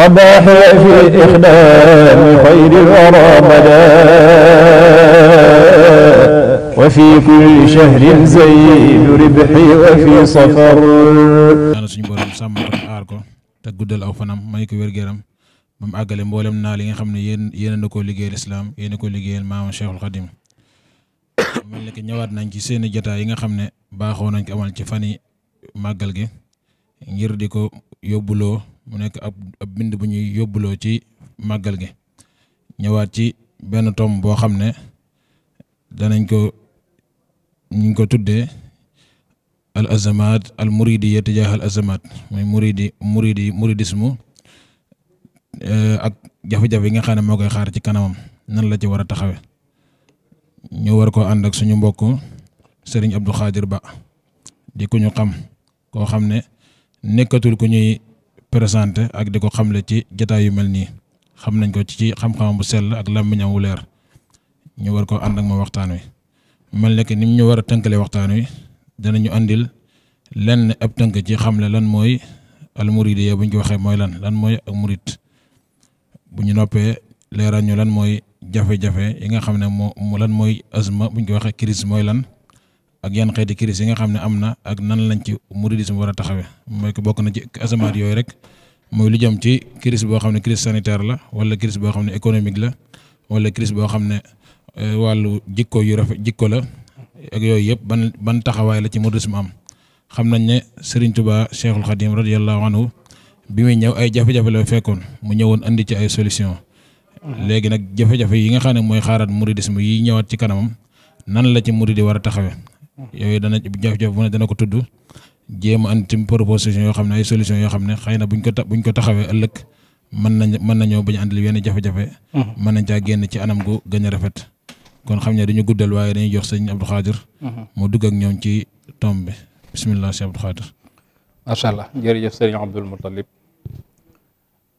وضاحي في إخدام خير الورى بدا وفي كل شهر زيد ربحي وفي سفر ñaan suñu borom ko aar ko te guddal aw fanam may ko wér gu moom ba àggale mboolem naa li nga xam ne yéen yéen a ko liggéeyal islaam yéen ko liggéeyal maama Cheikhul Khadim mel ni ñëwaat nañ ci seeni jotaay yi nga xam ne baaxoo nañ ko amal ci fan yi màggal gi ngir di ko yóbbuloo mu nekk ab ab bind bu ñuy yóbbuloo ci màggal gi ñëwaat ci benn tom boo xam ne danañ ko ñu ngi ko tuddee al azamat al muridiya tijaaha al azamat muy muridi muridi muridisme eh, ak jafe-jafe yi nga xam ne moo koy xaar ci kanamam nan la ci war a taxawe ñu war koo ànd suñu mbokk Serigne Abdou Khadir Ba di ku xam koo xam ne nekkatul ku ñuy présenté ak di ko xamle ci jataay yu mel nii xam nañ ko ci xam-xamam bu sell ak làmmiñam wu leer ñu war ko ànd ak ma waxtaan wi mel ne ni ñu war a tënkalee waxtaan wi danañu andil lenn ab tënk ci xamle lan mooy al muridiya bu ko waxee mooy lan lan mooy ak bu ñu noppee leeral lan mooy jafe yi nga xam ne moo lan mooy asma buñ ko waxee kiris mooy lan. ak yan xeeti crise yi nga xam ne am na ak nan lañ ci mouridisme war a taxawee mooy ko bokk na ci asamaat yooyu rek mooy lu jëm ci crise boo xam ne crise sanitaire la wala crise boo xam ne économique la wala crise boo xam ne euh, wàllu jikko yu rafet jikko la ak yooyu yëpp ban ban taxawaay la ci mouridisme am xam nañ ne Serigne Touba Cheikhul Khadim radiyallahu anhu bi muy ñëw ay jafe-jafe la fekkoon mu ñëwoon indi ci ay solution léegi nag jafe-jafe yi nga xam ne mooy xaaraat mouridisme yi ñëwaat ci kanamam nan la ci murid yi war a taxawee yooyu dana jafe-jafe bu ne dana ko tudd jéem a andi tamit proposition yoo xam ne ay solution yoo xam ne xëy na buñ ko buñ ko taxawee ëllëg mën nañ mën nañoo bañ a andil yenn jafe-jafe. mën nañ caa génn ci anam gu gën rafet. kon xam ne dañu guddal waaye dañuy jox sëñ Abdou Khadir. moo dugg ak ñoom ci tomb bi bisimilah sëñ Abdou macha allah jërëjëf sëriñ Abdul Muttalib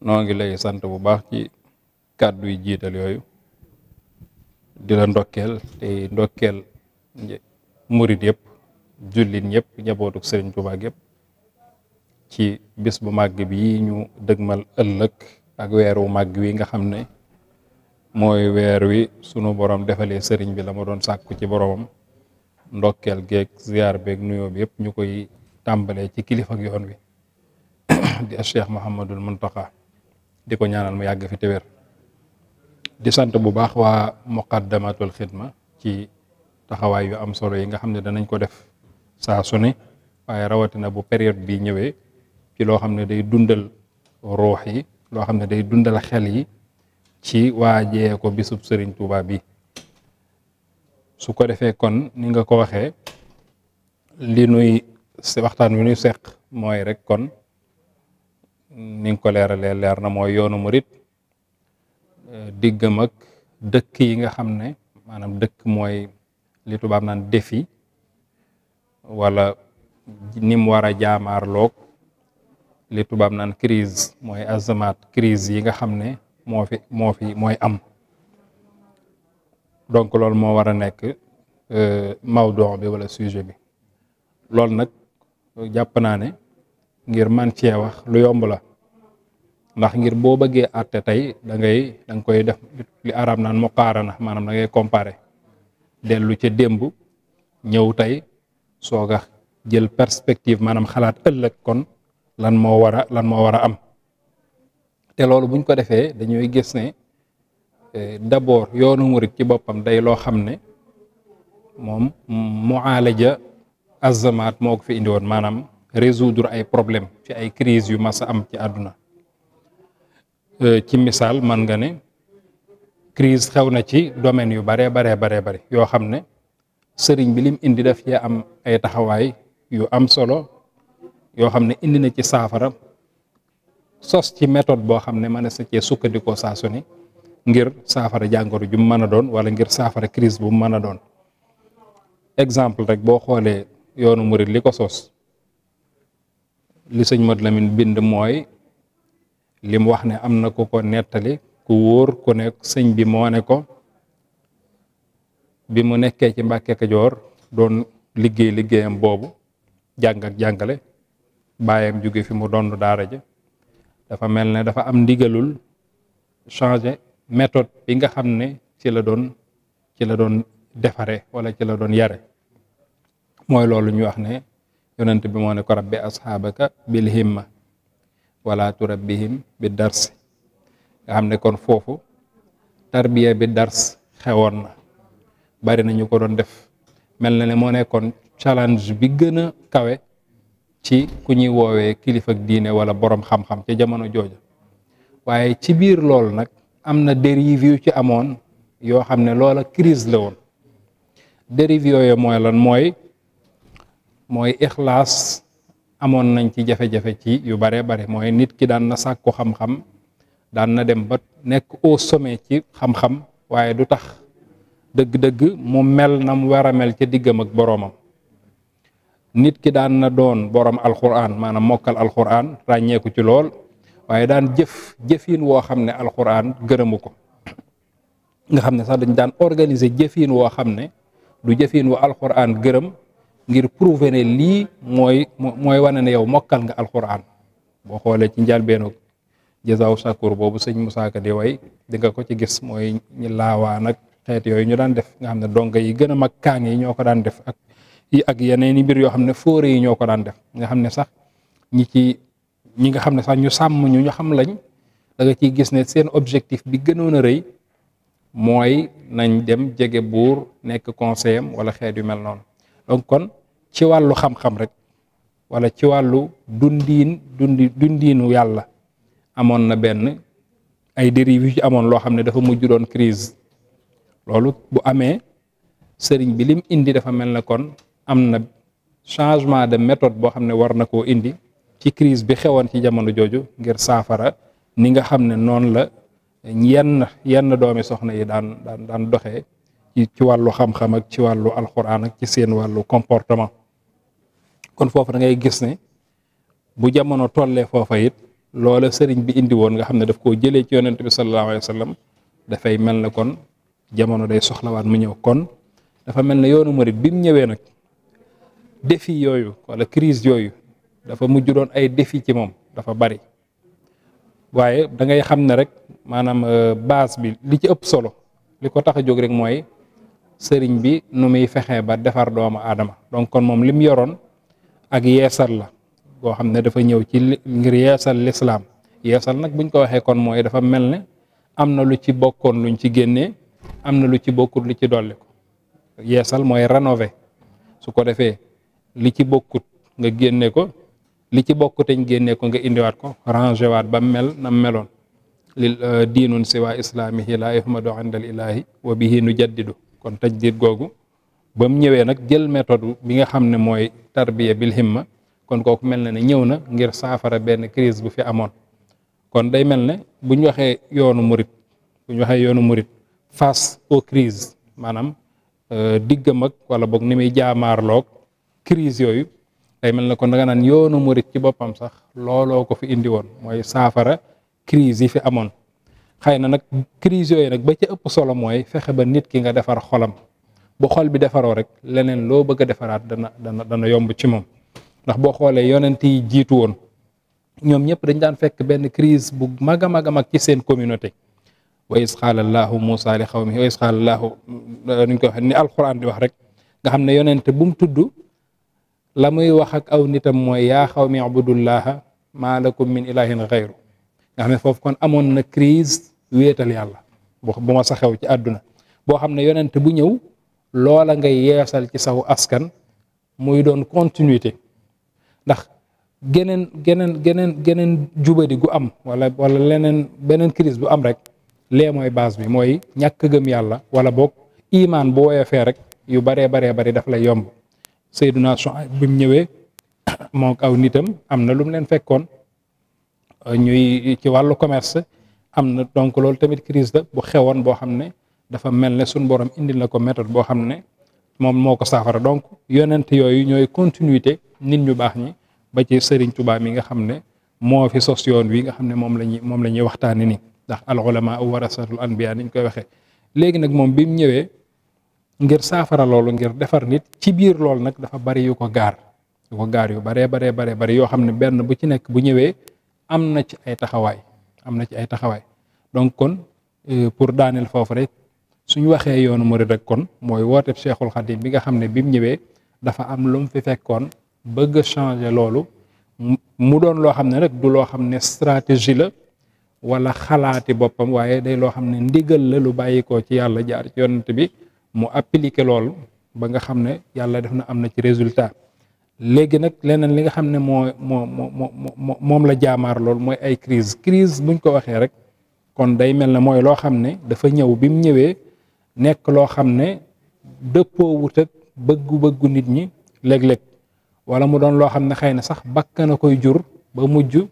noo ngi lay sant bu baax ci kàddu yi jiital yooyu di la ndokkeel te ndokkeel. murit yëpp jullit ñëpp njabootug sëriñ Tuubaa yëpp ci bis bu màgg bi ñu dëgmal ëllëg ak weer wu màgg wi nga xam ne mooy weer wi sunu boroom defalee sëriñ bi la ma doon sàkku ci boromam ndokkeel geek ziar beeg nuyoo bi yëpp ñu koy tàmbalee ci kilifa ak yoon wi di a Cheikh Mouhamadul Mountakha di ko ñaanal mu yàgg fi te wér di sant bu baax waa muqaddamatul xidma ci taxawaay yu am solo yi nga xam ne danañ ko def saa su waaye rawatina bu période bi ñëwee ci loo xam ne day dundal ruux yi loo xam ne day dundal xel yi ci waajee ko bisub sëriñ Tuuba bi su ko defee kon ni nga ko waxee li nuy si waxtaan wi nuy seq mooy rek kon ni nga ko leeralee leer na mooy yoonu murit diggam ak dëkk yi nga xam ne maanaam dëkk mooy li tubaab naan défi wala ni mu war a jaamaarloog li tubaab naan crise mooy azamat crise yi nga xam ne moo fi moo fi mooy am donc loolu moo war a nekk euh, mawdon bi wala sujet bi loolu nag jàpp naa ne ngir man cee wax lu yomb la ndax ngir boo bëggee àtte tey dangay dang koy def li arab naan muqaarana maanaam da ngay comparer dellu ca démb ñëw tey soog a jël perspective maanaam xalaat ëllëg kon lan moo war a lan moo war a am te loolu buñ ko defee dañuy gis ne eh, d'abord yoonu murit ci boppam day loo xam ne moom muaalaja azamaat moo ko fi indi woon maanaam résoudre ay problème ci ay crise yu mas a am ci àdduna eh, ci misaal man nga ne crise xew na ci domaine yu baree baree baree bari yoo xam ne sëriñ bi lim indi daf cee am ay taxawaay yu am solo yoo xam ne indi na ci saafara sos ci méthode boo xam ne mën na sa cee sukkandikoo saa su ne ngir saafara jàngoro ju mu mën a doon wala ngir saafara crise bu mu mën a doon exemple rek boo xoolee yoonu murit li ko sos li sëñ Modou Lamine bind mooy lim wax ne am na ko ko nettali ku wóor ku ne sëñ bi moo ne ko bi mu nekkee ci Mbàkke Kajoor doon liggéey liggéeyam boobu jàng ak jàngale baayam jóge fi mu doon daara ja dafa mel ne dafa am ndigalul changer méthode bi nga xam ne ci la doon ci la doon defare wala ci la doon yare mooy loolu ñu wax ne yonent bi moo ne ko rabbi asxaabaka bil himma wala turabbihim bi darsi nga xam ne kon foofu tarbiya bi dars xewoon na bari na ñu ko doon def mel na ne moo nekkoon challenge bi gën a kawe ci ku ñuy woowee kilifa diine wala boroom xam-xam ca jamono jooja waaye ci biir loolu nag am na dérive ci amoon yoo xam ne loola crise la woon dérive mooy lan mooy mooy ixlaas amoon nañ ci jafe-jafe ci yu bare bari mooy nit ki daan na sàkku xam-xam daan na dem ba nekk au sommet ci xam-xam waaye du tax dëgg-dëgg mu mel na mu war a mel ca diggam ak boroomam nit ki daan na doon boroom alxuraan maanaam mokkal alxuraan ràññeeku ci lool waaye daan jëf jëfin woo xam ne alxuraan gërëmu ko nga xam ne sax dañ daan organiser jëfin woo xam ne du jëfin wu alxuraan gërëm ngir prouver ne lii mooy mooy wane ne yow mokkal nga alxuraan boo xoolee ci njëlbeenu jazaaw shakur boobu sëñ Moussa Ka di way di nga ko ci gis mooy ñi laawaa nag xeet yooyu ñu daan def nga xam ne donga yi gën a mag kaang yi ñoo ko daan def ak ak yeneen i mbir yoo xam ne fóore yi ñoo ko daan def nga xam ne sax ñi ci ñi nga xam ne sax ñu sàmm ñu ñu xam lañ da nga ciy gis ne seen objectif bi gënoon a rëy mooy nañ dem jege buur nekk conseilam wala xeet yu mel noonu donc kon ci wàllu xam-xam rek wala ci wàllu dundiin dundiinu yàlla amoon na benn ay dérive yu ci amoon loo xam ne dafa mujj doon crise loolu bu amee sëriñ bi lim indi dafa mel ne kon am na changement de méthode boo xam ne war na koo indi ci crise bi xewoon ci jamono jooju ngir saafara ni nga xam ne noonu la yenn yenn doomi soxna yi daan daan daan doxee ci wàllu xam-xam ak ci wàllu alxuraan ak ci seen wàllu comportement kon foofu dangay gis ne bu jamono tollee foofa it loole sëriñ bi indi woon nga xam ne daf koo jëlee ci yonent bi sallallahu alayhi wa sallam dafay mel ne kon jamono day soxlawaat mu ñëw kon dafa mel ne yoonu murit bi mu ñëwee nag défi yooyu walla crise yooyu dafa mujj doon ay défi ci moom dafa bari waaye da ngay xam ne rek maanaam euh, base bi li ci ëpp solo li ko tax a jóg rek mooy sëriñ bi nu muy fexe ba defar doomu aadama donc kon moom lim yoroon ak yeesal la goo xam ne dafa ñëw ci ngir yeesal lislaam yesal nag buñ ko waxee kon mooy dafa mel ne am na lu ci bokkoon luñ ci génnee am na lu ci bokkut lu ci dolli ko yeesal mooy rénover su ko defee li ci bokkut nga génne ko li ci bokkuteñ génne ko nga indiwaat ko rangé waat ba mel na meloon li euh, diinun siwa islaamihi laa yuhmadu indal ilaahi wa bihi nu jaddidu kon tajdid googu ba mu ñëwee nag jël méthode bi nga xam ne mooy tarbiya bil himma kon kooku mel na ne ñëw na ngir saafara benn crise bu fi amoon kon day mel ne bu ñu waxee yoonu murit bu ñu waxee yoonu murit face aux crises maanaam euh, diggam ak wala boog ni muy jaamaarloog crise yooyu day mel ne kon da nga naan yoonu murit ci boppam sax looloo ko fi indi woon mooy saafara crise yi fi amoon xëy na nag crise yooyu nag ba ca ëpp solo mooy fexe ba nit ki nga defar xolam bu xol bi defaroo rek leneen loo bëgg a defaraat dana dana dana yomb ci moom ndax boo xoolee yonent yi jiitu woon ñoom ñëpp dañ daan fekk benn crise bu mag a mag mag ci seen communauté wa is qaala llaahu muusaa li xawmihi wa is qaala euh, nuñ koy waxee ni alquran di wax rek nga xam ne yonent bu mu tudd la muy wax ak aw nitam mooy yaa xawmi abudullaha maa lakum min ilahin xayru nga xam ne foofu kon amoon na crise wéetal yàlla bu ma sa ci àdduna boo xam ne yonent bu ñëw loola ngay yeesal ci saw askan muy doon continuité ndax geneen geneen geneen geneen jubadi gu am wala wala leneen beneen crise bu am rek lee mooy base bi mooy ñàkk gëm yàlla wala boog imaan bu woyofee rek yu baree baree bari daf la yomb Seydina Shuayb bi mu ñëwee moo aw nitam am na lu leen fekkoon euh, ñuy ci wàllu commerce am na donc loolu tamit crise la bu xewoon boo xam ne dafa mel ne suñ borom indi la ko méthode boo xam ne moom moo ko saafara donc yonent yooyu ñooy continuité nit ñu baax ñi ba ci Serigne Touba yi nga xam ne moo fi sos yoon wi nga xam ne moom la ñuy moom la ñuy waxtaanee nii ndax al ulama warasatul anbiya ni ñu koy waxee. léegi nag moom bi mu ñëwee ngir saafara loolu ngir defar nit ci biir lool nag dafa bari yu ko gaar yu ko gaar yu baree baree baree bari yoo xam ne benn bu ci nekk bu ñëwee am na ci ay taxawaay am na ci ay taxawaay donc kon euh, pour daaneel foofu rek. suñ waxee yoonu murid rek mooy woote Cheikhul Khadim bi nga xam ne bi mu ñëwee dafa am lu mu fi fekkoon bëgg a changer loolu mu doon loo xam ne rek du loo xam ne stratégie la wala xalaati boppam waaye day loo xam ne ndigal la lu bàyyikoo ci yàlla jaar ci yonent bi mu appliquer loolu ba nga xam ne yàlla def na am na ci résultat léegi nag leneen li nga xam ne moo moo moo moom la jaamaar lool mooy ay crise crise buñ ko waxee rek kon day mel ne mooy loo xam ne dafa ñëw bi mu ñëwee nekk loo xam ne dëppoo wut bëggu-bëggu nit ñi léeg-léeg wala mu doon loo xam ne xëy na sax bakkan na koy jur ba mujj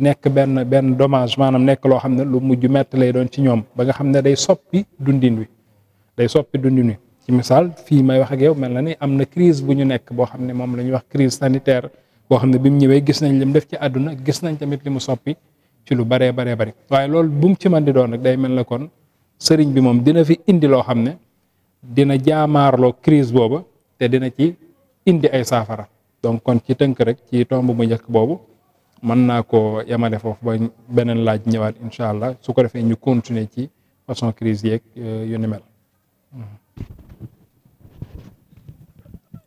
nekk benn benn dommage maanaam nekk loo xam ne lu mujj mett lay doon ci ñoom ba nga xam ne day soppi dundin wi day soppi dundin wi ci misaal fii may wax ak yow mel na ni am na crise bu ñu nekk boo xam ne moom la ñuy wax crise sanitaire boo xam ne bi mu ñëwee gis nañ lim def ci àdduna gis nañ tamit li mu soppi ci lu baree baree bari waaye loolu bu mu ci mën doon rek day mel na kon sëriñ bi moom dina fi indi loo xam ne dina jaamaarloo crise boobu te dina ci indi ay saafara donc kon ci tënk rek ci tomb bu njëkk boobu mën naa ko yemale foofu ba beneen laaj ñëwaat incha allah su ko defee ñu continuer ci façon crise yeeg euh, yu ni mel.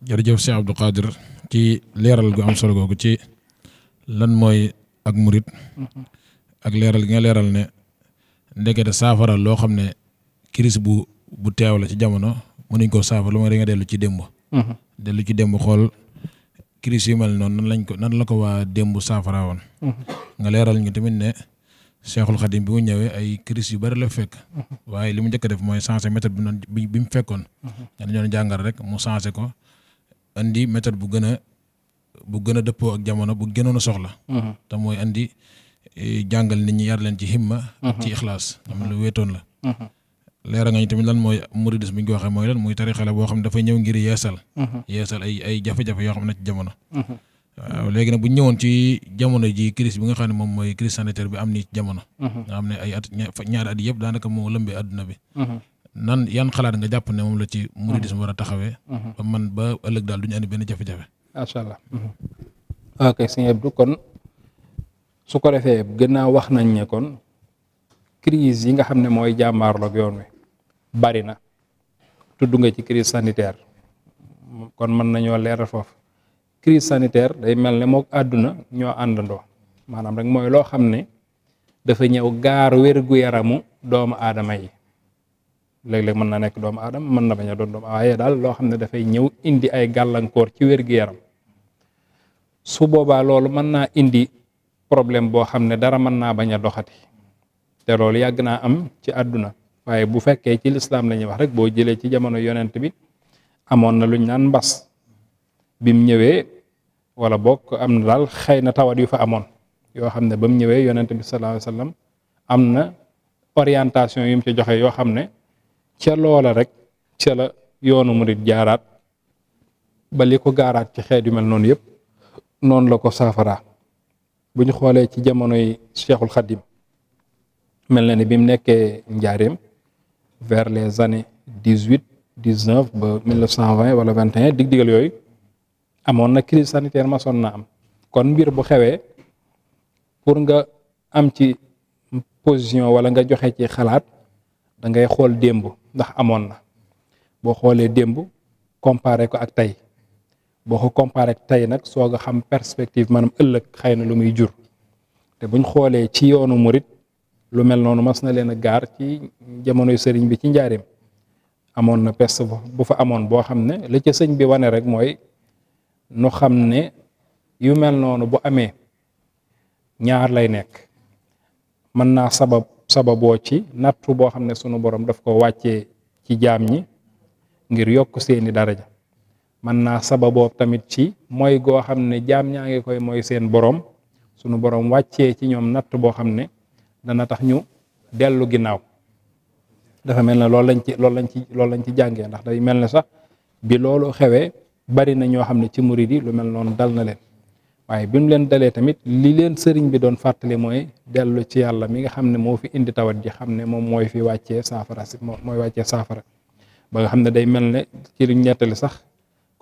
jërëjëf Cheikh Abdou Khadir ci leeral gu am solo googu ci lan mooy ak murit mm-hmm. ak leeral gi nga leeral ne. ndekete saafara loo xam ne crise bu bu teew la ci jamono mënuñ ko saafara lu ma da nga dellu ci démb mhm. dellu ci démb xool crise yu mel noonu nan lañ ko nan la ko waa démb saafara woon mhm. nga leeral nga tamit ne Seexul Xadim bi mu ñëwee ay crise yu bari la fekk mhm. waaye li mu njëkk def mooy changé méthode bi noonu bi mu fekkoon nga dañoon jàngal rek mu changé ko andi méthode bu gën a bu gën a dëppoo ak jamono bu gënoon a soxla te mooy andi Eh, jàngal nit ñi yar leen ci himma. Mhm. ci ixlaas. am lu mhm. wéetoon la. Mhm. leera nga ñu tamit lan mooy muridis bi ñu ko waxee mooy lan muy tarixa la boo xam ne dafay ñëw ngir yeesal. yeesal ay ay jafe-jafe yoo xam ne ci jamono. waaw léegi nag bu ñu ñëwoon ci jamono ji crise bi nga xam ne moom mooy crise sanitaire bi am nii ci jamono. nga xam ay at ñaar at yëpp daanaka moo lëmbee adduna bi. nan yan xalaat nga jàpp ne moom la ci muridisme war a taxawee. ba man ba ëllëg daal du ñu benn jafe-jafe. macha allah. su ko defee gannaaw wax nañ ne kon crise yi nga xam ne mooy jàmmaarloog yoon wi bari na tudd nga ci crise sanitaire kon mën nañoo leer foofu crise sanitaire day mel ne mook àdduna ñoo àndandoo maanaam rek mooy loo xam ne dafa ñëw gaar wér-gu-yaramu doomu aadama yi léeg-léeg mën na nekk doomu aadama mën na bañ a doon doomu waaye daal loo xam ne dafay ñëw indi ay gàllankoor ci wér-gu-yaram su boobaa loolu mën naa indi problème boo xam ne dara mën naa bañ a doxati te loolu yàgg naa am ci àdduna waaye bu fekkee ci lislaam la ñuy wax rek boo jëlee ci jamono yonent bi amoon na luñ naan mbas bim ñëwee wala bokk am na daal xëy na tawat yu fa amoon yoo xam ne ba ñëwee yonent bi sallallahu alayhi wasallam am na orientation yu ci joxe yoo xam ne ca loola rek ca la yoonu murit jaaraat ba ko gaaraat ci xeet yu mel noonu yëpp noonu la ko saafaraa bu ñu xoolee ci jamonoy Cheikhul Khadim mel na ni bi mu nekkee njaareem vers les années dix huit dix neuf ba mille neuf cent vingt wala vingt et un dig digal yooyu amoon na crise sanitaire ma na am kon mbir bu xewee pour nga am ci position wala nga joxe ci xalaat da ngay xool démb ndax amoon na boo xoolee démb comparé ko ak tey boo ko comparé ak tey nag soo nga xam perspective maanaam ëllëg xëy na lu muy jur te buñ xoolee ci yoonu murit lu mel noonu mas na leen a gaar ci jamonoy sëriñ bi ci njaareem amoon na peste bu fa amoon boo xam ne la ca sëñ bi wane rek mooy nu xam ne yu mel noonu bu amee ñaar lay nekk mën naa sabab sababoo ci nattu boo xam ne sunu borom daf ko wàccee ci jaam ñi ngir yokk seeni daraja mën naa sababoo tamit ci mooy goo xam ne jaam ñaa ngi koy mooy seen borom sunu borom wàccee ci ñoom natt boo xam ne dana tax ñu dellu ginnaaw dafa mel ne loolu lañ ci loolu lañ ci loolu lañ ci jàngee ndax day mel ne sax bi loolu xewee bari na ñoo xam ne ci murid yi lu mel noonu dal na leen waaye bi mu leen dalee tamit li leen sëriñ bi doon fàttali mooy dellu ci yàlla mi nga xam ne moo fi indi tawat ji xam ne moom mooy fi wàccee saafara si mooy wàccee saafara ba nga xam ne day mel ne ci liñ sax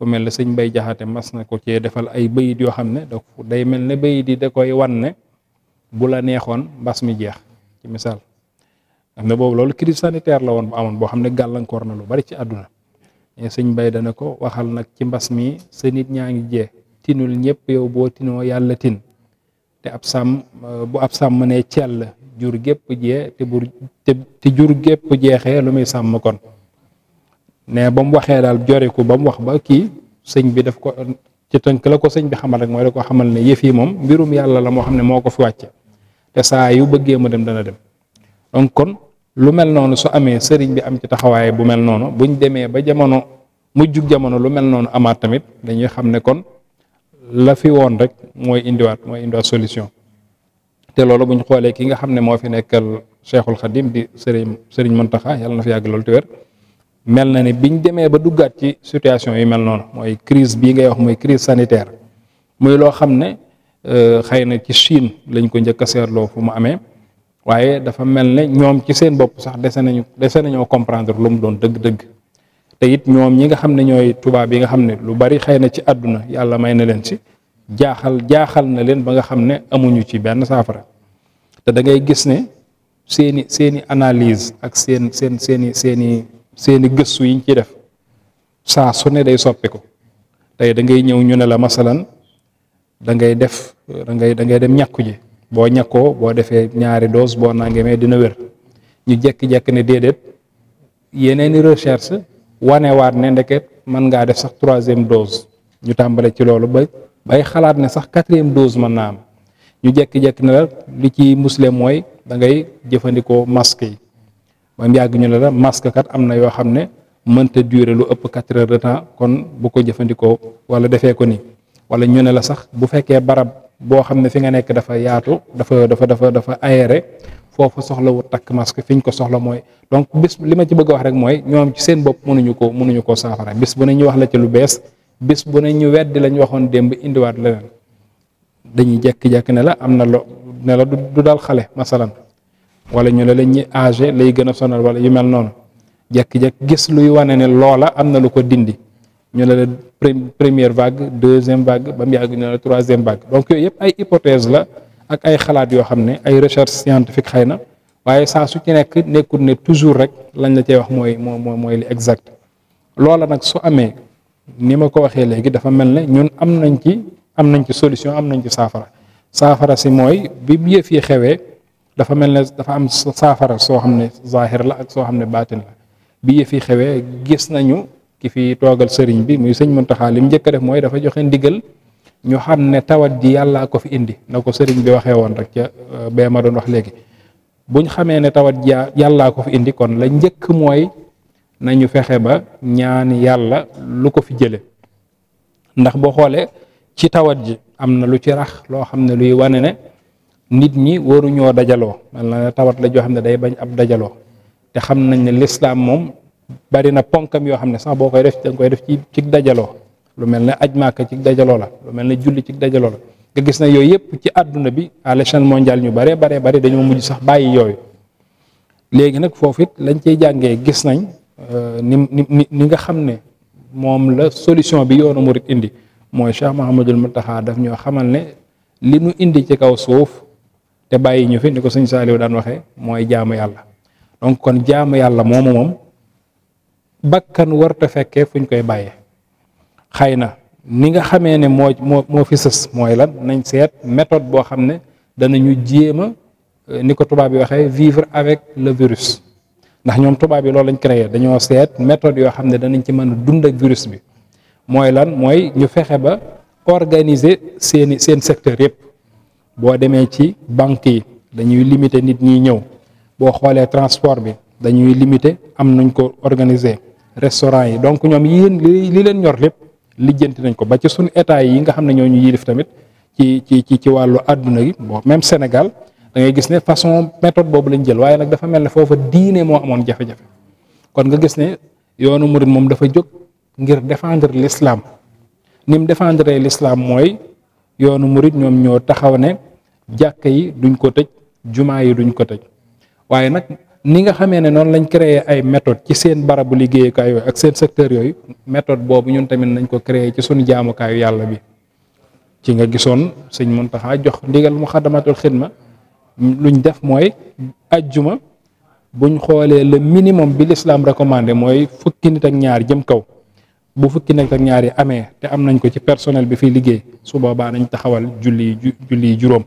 ku mel ne sëñ Mbay Jaxate mas na ko cee defal ay bayit yoo xam ne donc day mel ne bayit yi da koy wan ne bu la neexoon mbas mi jeex ci misaal am na boobu loolu crise sanitaire la woon bu amoon boo xam ne gàllankoor na lu bari ci àdduna mais sëñ Mbay dana ko waxal nag ci mbas mi sa nit ñaa ngi jee tinul ñëpp yow boo tinoo yàlla tin te ab sàmm bu ab sàmm ne cell jur gépp jee te jur gépp jeexee lu muy sàmm kon ne ba mu waxee daal joriku ba mu wax ba kii sëñ bi daf ko ci tënk la ko sëñ bi xamal rek mooy da ko xamal ne yëf yi moom mbirum yàlla la moo xam ne moo ko fi wàcce te saa yu bëggee ma dem dana dem donc kon lu mel noonu su amee sëriñ bi am ci taxawaay bu mel noonu buñ demee ba jamono mujjug jamono lu mel noonu amaat tamit dañuy xam ne kon la fi woon rek mooy indiwaat mooy indiwaat solution te loolu buñ xoolee ki nga xam ne moo fi nekkal Cheikhul Khadim di sëriñ sëriñ Mountakha yàlla na fi yàgg loolu te mel na ne biñ demee ba duggaat ci situation yi mel noonu mooy crise bii ngay wax mooy crise sanitaire muy loo xam ne euh, xëy na ci Chine lañ ko njëkk a seetloo fu mu amee waaye dafa mel ne ñoom ci seen bopp sax dese nañu dese nañoo comprendre lu mu doon dëgg-dëgg te it ñoom ñi nga xam ne ñooy tubaab yi nga xam ne lu bari xëy na ci àdduna yàlla may na leen ci jaaxal jaaxal na leen ba nga xam ne amuñu ci benn saafara te da ngay gis ne seeni seeni analyse ak seen seen seeni seeni seeni gëstu yiñ ci def saa su ne day soppiku tey da ngay ñëw ñu ne la masalan da ngay def da ngay da ngay dem ñàkku ji boo ñàkkoo boo defee ñaari dose boo nangemee dina wér ñu jekki-jekki ne déedéet yeneeni recherche wanewaat ne ndeket mën ngaa def sax troisième dose ñu tàmbale ci loolu ba bay xalaat ne sax quatrième dose man naa am ñu jekki-jekki ne la li ci muslim mooy da ngay jëfandikoo masque yi waaye yàgg ñu la la masque kat am na yoo xam ne mënta durer lu ëpp quatre heures de temps kon bu ko jëfandikoo wala defee ko ni wala ñu ne la sax bu fekkee barab boo xam ne fi nga nekk dafa yaatu dafa dafa dafa dafa aéré foofu wu takk masque fi ñu ko soxla mooy donc bis li ma ci bëgg wax rek mooy ñoom ci seen bopp mënuñu ko mënuñu koo saafara bis bu ne ñu wax la ci lu bees bis bu ne ñu weddi lañ waxoon démb indiwaat leneen dañu jekk-jekk ne la am na lo ne wala ñu ne la ñi âgé lay gën a sonal wala yu mel noonu jekki-jekki gis luy wane ne loola am na lu ko dindi ñu ne la première vague deuxième vague ba mu yàgg ñu la troisième vague donc yooyu yëpp ay hypothèse la ak ay xalaat yoo xam ne ay recherche scientifique xëy na waaye saa su ci nekk nekkul ne toujours rek lañ la cay wax mooy moo mooy li exact loola nag su amee ni ma ko waxee léegi dafa mel ne ñun am nañ ci am nañ ci solution am nañ ci saafara saafara si mooy bi yëf xewee dafa mel ne dafa am saafara soo xam ne zaahir la ak soo xam ne baatin la bi yëf yi xewee gis nañu ki fi toogal sëriñ bi muy sëñ Muntaxa li mu njëkk a def mooy dafa joxe ndigal ñu xam ne tawat ji yàllaa ko fi indi na ko sëriñ bi waxee woon rek ca euh, bee ma léegi buñ xamee ne tawat ji yàllaa ko fi indi kon la njëkk mooy nañu fexe ba ñaan yàlla lu ko fi jële ndax boo xoolee ci tawat ji am na lu ci rax loo xam ne luy wane ne nit ñi waruñoo dajaloo man la tawat la joo xam ne day bañ ab dajaloo te xam nañ ne lislaam moom bari na ponkam yoo xam ne sax boo koy def danga koy def ci ci dajaloo lu mel ne aj Màkka ci dajaloo la lu mel ne julli ci dajaloo la nga gis na yooyu yëpp ci àdduna bi à l'échelle mondiale ñu baree baree dañoo mujj sax bàyyi yooyu léegi nag foofu it lañ cey jàngee gis nañ euh, ni ni nga xam ne moom la solution bi yoonu murit indi mooy Cheikh Mouhamadul Mountakha daf ñoo xamal ne li mu indi ci kaw suuf te bàyyi ñu fi ni ko sëñ Saaliw daan waxee mooy jaamu yàlla donc kon jaamu yàlla moomu moom bakkan warta fekkee fuñ koy bàyyi xëy na ni nga xamee ne moo moo moo fi sës mooy lan nañ seet méthode boo xam ne danañu jéem a eh, ni ko tubaab yi waxee vivre avec le virus ndax ñoom tubaab yi loolu lañ créé dañoo seet méthode yoo xam ne danañ ci mën a dund ak virus bi mooy lan mooy ñu fexe ba organiser seeni seen secteur yëpp boo demee ci banque yi dañuy limiter nit ñi ñëw boo xoolee transport bi dañuy limiter am nuñ ko organiser restaurant yi donc ñoom yéen li leen ñor lépp lijjanti nañ ko ba ci suñu état yi nga xam ne ñoo ñu yilif tamit ci ci ci ci wàllu àdduna gi bon même Sénégal da ngay gis ne façon méthode boobu lañ jël waaye nag dafa mel ne foofa diine moo amoon jafe-jafe kon nga gis ne yoonu murid moom dafa jóg ngir défendre l'islam ni mu défendre l'islam mooy yoonu murid ñoom ñoo taxaw ne jàkka yi duñ ko tëj jumaa yi duñ ko tëj waaye nag ni nga xamee ne noonu lañ créer ay méthode ci seen barabu liggéeyukaay yooyu ak seen secteur yooyu méthode boobu ñun tamit nañ ko créer ci suñu jaamukaayu yàlla bi ci nga gisoon sëñ Muntaxa jox ndigal Muxaddamatul Xidma luñ def mooy ajjuma buñ xoolee le minimum bi l'islam recommandé mooy fukki nit ak ñaar jëm kaw bu fukki nit ak ñaar yi amee te am nañ ko ci personnel bi fiy liggéey su boobaa nañ taxawal julli juróom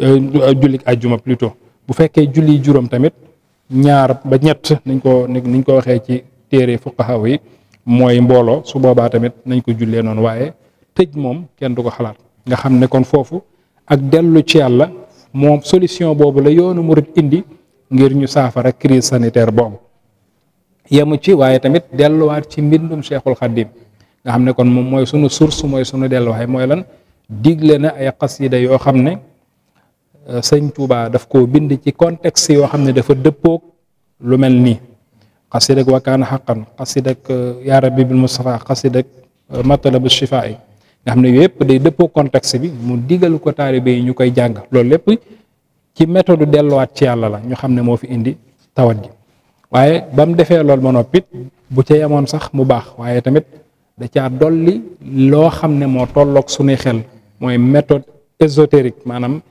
Euh, euh, jullik ajjuma plutôt bu fekkee julli juróom tamit ñaar ba ñett nañ ko niñ ko waxee ci téere fuqahaw yi mooy mbooloo su boobaa tamit nañ ko jullee noonu waaye tëj moom kenn du ko xalaat nga xam ne kon foofu ak dellu ci yàlla moom solution boobu la yoonu murit indi ngir ñu saafara crise sanitaire boobu yemu ci waaye tamit delluwaat ci mbindum cheikhul xaddim nga xam ne kon moom mooy sunu source mooy sunu delluwaay mooy lan digle na ay xasida yoo xam ne Euh, sëñ Touba daf ko bind ci contexte yoo xam ne dafa dëppook lu mel nii xasid ak wakaana xaqan xasid ak euh, yaa rabbi bil Mustafa xasid ak euh, matalabu shifaa yi nga xam ne yooyu yëpp day dëppoo contexte bi mu digal ko taalibe yi ñu koy jàng loolu lépp ci méthode delluwaat ci yàlla la ñu xam ne moo fi indi tawat ji waaye ba defee loolu ba noppit bu ca yemoon sax mu baax waaye tamit da caa dolli loo xam ne moo tolloog sunuy xel mooy méthode ésotérique maanaam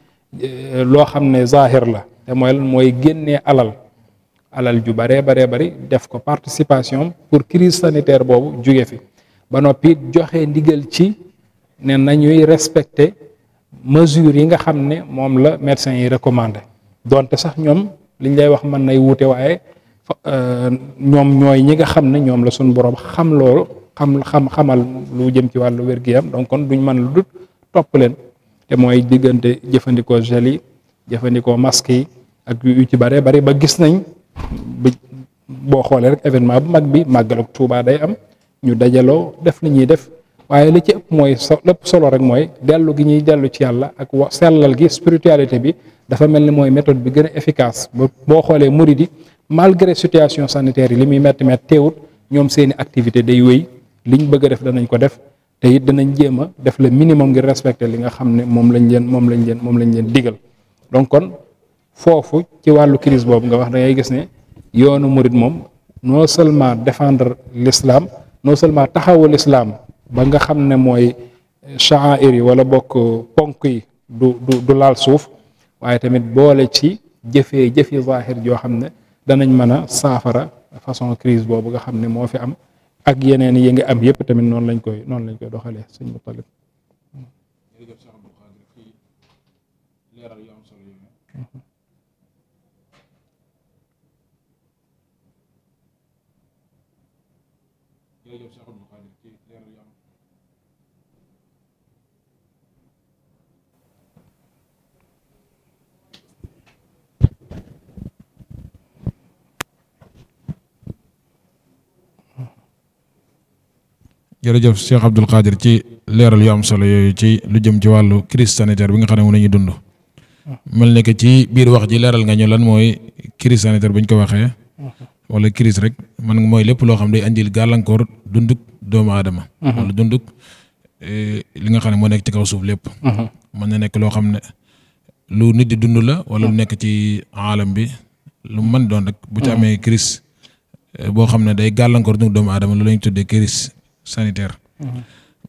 Euh, loo xam ne zahir la te mooy lan mooy génnee alal alal ju baree baree bari def ko participation pour crise sanitaire boobu jóge fi ba noppi joxe ndigal ci ne nañuy respecter mesures yi nga xam ne moom la médecins yi recommandé donte sax ñoom liñ lay wax mën nay wuute waaye euh, ñoom ñooy ñi nga xam ne ñoom la suñu borom xam loolu xam xam xamal lu jëm ci wàllu wér yam yaram kon duñ mën lu dut topp leen te mooy diggante jëfandikoo gel yi jëfandikoo masque yi ak yu ci bare bari ba gis nañ boo xoolee rek événement bu mag bi màggalug Tuubaa day am ñu dajaloo def li ñuy def waaye li ci ëpp mooy so solo rek mooy dellu gi ñuy dellu ci yàlla ak sellal gi spiritualité bi dafa mel ni mooy méthode bi gën a efficace boo xoolee murid yi malgré situation sanitaire yi li muy métti métti teewut ñoom seeni activité day wéy liñ bëgg a def danañ ko def te danañ jéem a def le minimum ngir respecter li nga xam ne moom lañ leen moom lañ leen moom lañ leen digal donc kon foofu ci wàllu crise boobu nga wax da ngay gis ne yoonu murit moom non seulement défendre l'islam non seulement taxawu l'islam ba nga xam ne mooy sha'air yi wala bokk ponk yi du du du laal suuf waaye tamit boole ci jëfee jëfi zahir joo xam ne danañ mën a saafara façon crise boobu nga xam ne moo fi am ak yeneen yi nga am yëpp tamit noonu lañ koy noonu lañ koy doxalee sëñ Mutalib jërëjëf Cheikh Abdoul Khadir ci leeral yoo am solo yooyu ci lu jëm ci wàllu crise sanitaire bi nga xam ne moom la ñuy dund. Ah. mel ne ci biir wax ji leeral nga ñu lan mooy crise sanitaire bu ñu ko waxee. Ah. wala crise rek man mooy lépp loo xam day andil gàllankoor dunduk doomu aadama. Ah. wala dunduk eh, li nga xam ne moo nekk ci kaw suuf lépp. mën na nekk loo xam ne lu nit di dund la wala lu nekk ci alam bi lu mën doon rek. bu ci amee crise eh, boo xam ne day gàllankoor dunduk doomu aadama lu lañ tuddee crise sanitaire. Mhm.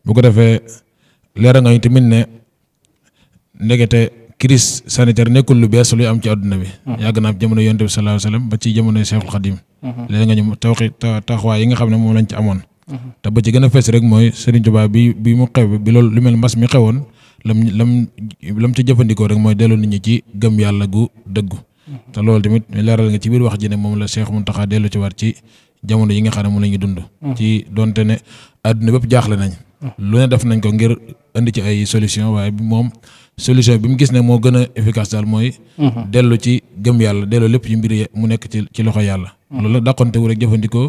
bu ko defee leer nga ñu tamit ne ndekete crise sanitaire nekkul lu bees luy am ci àdduna bi. Mhm. yàgg na ab jamono yonent bi sallallahu alayhi wasallam ba ci jamonoy Cheikhul Khadim. Mhm. leer nga ñu taxi yi nga xam ne moom lañ ci amoon. te ba ci gën a fees rek mooy Serigne Touba bi bi mu xew bi loolu lu mel mbas mi xewoon lam lam lam ci jëfandikoo rek mooy delloo nit ñi ci gëm yàlla gu dëggu. te loolu tamit leeral nga ci biir wax ji ne moom la Cheikh Mountakha dellu ci war ci jamono yi nga xam ne moom la ñuy dund. Mm. ci donte ne àdduna bépp jaaxle nañ. Mm. lu ne def nañ ko ngir indi ci ay solution waaye moom solution bi mu gis ne moo gën a efficace daal mooy. Mm-hmm. dellu ci gëm yàlla delloo lépp yu mbir mu nekk ci ci loxo yàlla. Mm. loolu dàqonte wu rek jëfandikoo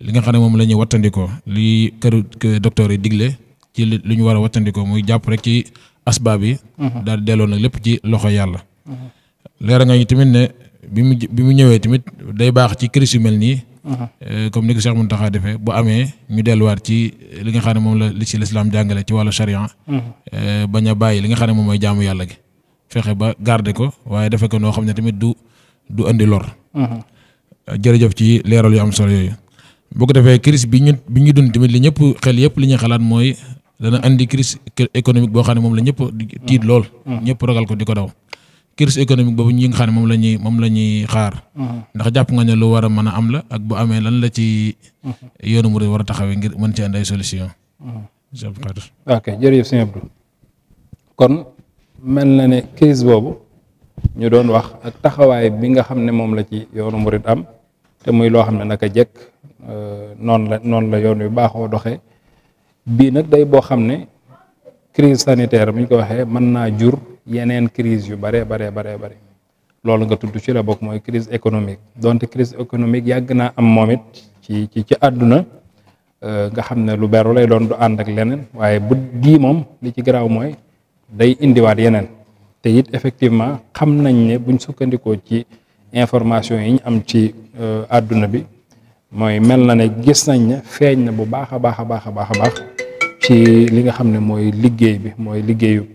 li nga xam ne moom la ñuy wattandikoo li kër docteur yi digle ci lu ñu war a wattandikoo muy jàpp rek ci asbaab yi. Mm-hmm. daal delloo nag lépp ci loxo yàlla. Mm-hmm. tamit ne bi mu bi mu ñëwee tamit day baax ci crise yu mel nii. Euh, comme ni ko Cheikh taxaa defee bu amee ñu delluwaat ci li nga xam ne moom la li ci lislaam jàngale ci wàllu sharia mhm. euh, bañ a bàyyi li nga xam ne moom mooy jaamu yàlla gi fexe ba garder ko waaye defe ko noo xam ne tamit du du andi lor mhm. euh, jërëjëf ci leeral yu am solo yooyu boo ko defee crise bi ñu bi ñu dund tamit li ñëpp xel yëpp li ñu xalaat mooy dana indi crise économique boo xam ne moom la ñëpp tiit lool mhm. ñëpp ragal ko di ko daw crise économique boobu ñi nga xam ne moom la ñuy moom la ñuy xaar. Mhm. ndax jàpp nga ne lu war a mën a am la ak bu amee lan la ci. Mhm. yoonu murid war a taxawee ngir mën ci andi solution. Mhm. ok jërëjëf sëñ Abdou kon mel na ne crise boobu ñu doon wax ak taxawaay bi nga xam ne moom la ci yoonu murid am te muy loo xam ne naka jekk euh, noonu la noonu la yoon wi baaxoo doxee bii nag day boo xam ne crise sanitaire bu ñu ko waxee mën naa jur yeneen crise yu bare bare bare bare loolu nga tudd ci la bokk mooy crise économique donte crise économique yàgg naa am moom it ci ci ci àdduna euh, nga xam ne lu beru lay doon du ànd ak leneen waaye bu dii moom li ci garaaw mooy day indiwaat yeneen te it effectivement xam nañ ne buñ sukkandikoo ci information yi ñu am ci adduna euh, bi mooy mel na ne gis nañ ne feeñ na bu baax a baax a baax a baax a baax ci li nga xam ne mooy liggéey bi mooy liggéeyub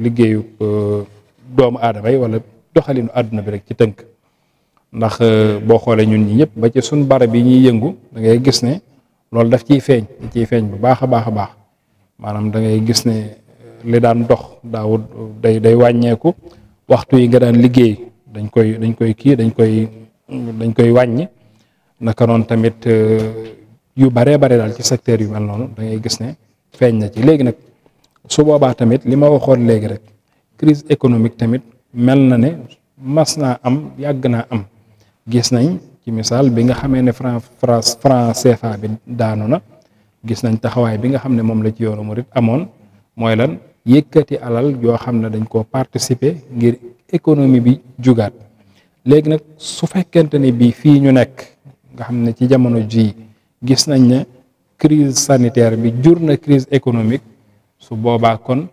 liggéeyub doomu aadama yi wala doxalinu àdduna bi rek ci tënk ndax boo xoolee ñun ñi ñëpp ba ci suñ barab yi ñuy yëngu da ngay gis ne loolu daf ciy feeñ da feeñ bu baax a baax a baax maanaam da ngay gis ne li daan dox daawut day day wàññeeku waxtu yi nga daan liggéey dañ koy dañ koy kii dañ koy dañ koy wàññi naka noonu tamit yu baree bare daal ci secteur yu mel noonu da ngay gis ne feeñ na ci léegi nag su boobaa tamit li ma waxoon léegi rek crise économique tamit mel na ne mas naa am yàgg naa am gis nañ ci misaal bi nga xamee ne franc franc CFA bi daanu na gis nañ taxawaay bi nga xam ne moom la ci yoonu murit amoon mooy lan yëkkati alal yoo xam ne dañ koo participer ngir économie bi jugaat léegi nag su fekkente ni bii fii ñu nekk nga xam ne ci jamono jii gis nañ ne crise sanitaire bi jur na crise économique su boobaa kon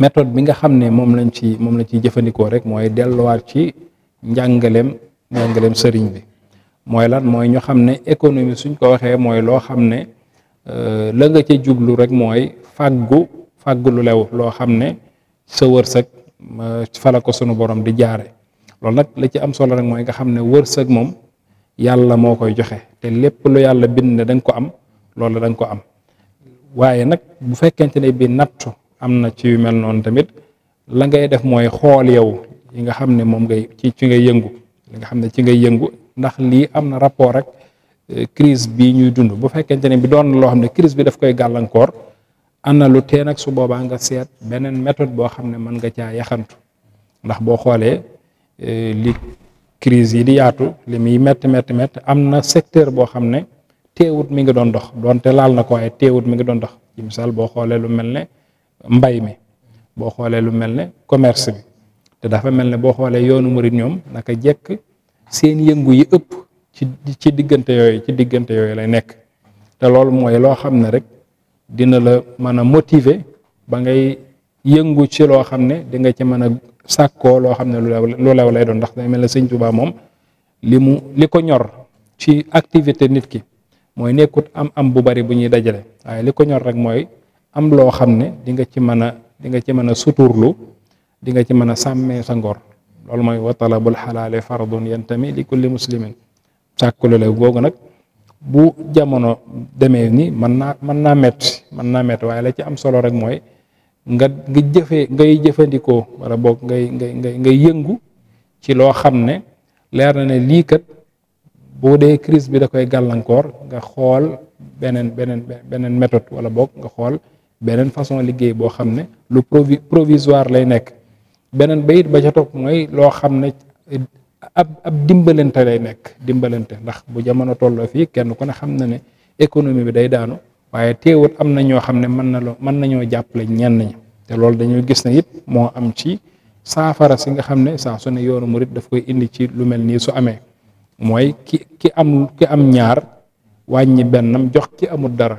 méthode bi nga xam ne moom lañ ci moom lañ ciy jëfandikoo rek mooy delluwaat ci njàngaleem njàngaleem sëriñ bi mooy lan mooy ñu xam ne économie suñ ko waxee mooy loo xam ne euh, la nga ca jublu rek mooy fàggu fàggu lu lew loo xam ne sa wërsëg euh, fala ko sunu borom di jaare loolu nag la ci am solo rek mooy nga xam ne wërsëg moom yàlla moo koy joxe te lépp lu yàlla bind na danga ko am loolu da ko am waaye nag bu fekkente ne bi nattu am na ci yu mel noonu tamit la ngay def mooy xool yow yi nga xam ne moom nga ci ci ngay yëngu li nga xam ne ci ngay yëngu ndax lii am na rapport ak euh, crise bi ñuy dund bu fekkente ne bi doon loo xam ne crise bi daf koy gàllankoor am na lu tee nag su boobaa nga seet beneen méthode boo xam ne mën nga caa yaxantu ndax boo xoolee euh, li crise yi di yaatu li muy métti métti am na secteur boo xam ne teewut mi ngi doon dox donte laal na ko waaye teewut mi ngi doon dox ci misaal boo xoolee lu mel ne mbay mi boo xoolee lu mel ne commerce bi te dafa mel ne boo xoolee yoonu murit ñoom naka jekk seen yëngu yi ëpp ci ci diggante yooyu ci diggante yooyu lay nekk te loolu mooy loo xam ne rek dina la mën a motiver ba ngay yëngu ci loo xam ne di nga ci mën a sàkkoo loo xam ne lu lew lay doon ndax day mel ne sëñ Tuubaa moom li mu li ko ñor ci activité nit ki mooy nekkut am am bu bari bu ñuy dajale waaye li ko ñor rek mooy am loo xam ne dinga ci mën a di nga ci mën a suturlu di nga ci mën a sàmmee sa ngor loolu mooy wa talabul xalaali fardun yantami li kulli muslimin sàkkulu lew googu nag bu jamono demee ni mën naa mën naa metti mën naa metti waaye la ci am solo rek mooy nga nga jëfe ngay jëfandikoo wala boog ngay ngay ngay ngay yëngu ci loo xam ne leer na ne lii boo dee crise bi da koy gàllankoor nga xool beneen beneen beneen wala boog nga xool beneen façon liggéey boo xam ne lu provi provisoire lay nekk beneen bayit ba ca topp mooy loo xam ne ab ab dimbalante lay nekk dimbalante ndax bu jamono tolloo fii kenn ku ne xam na ne économie bi day daanu waaye teewul am na ñoo xam ne mën na loo mën nañoo jàppale ñenn ñi te loolu dañuy gis na it moo am ci saafara si nga xam ne saa su ne yoonu murit daf koy indi ci lu mel nii su amee mooy ki ki am ki am ñaar wàññi bennam jox ki amul dara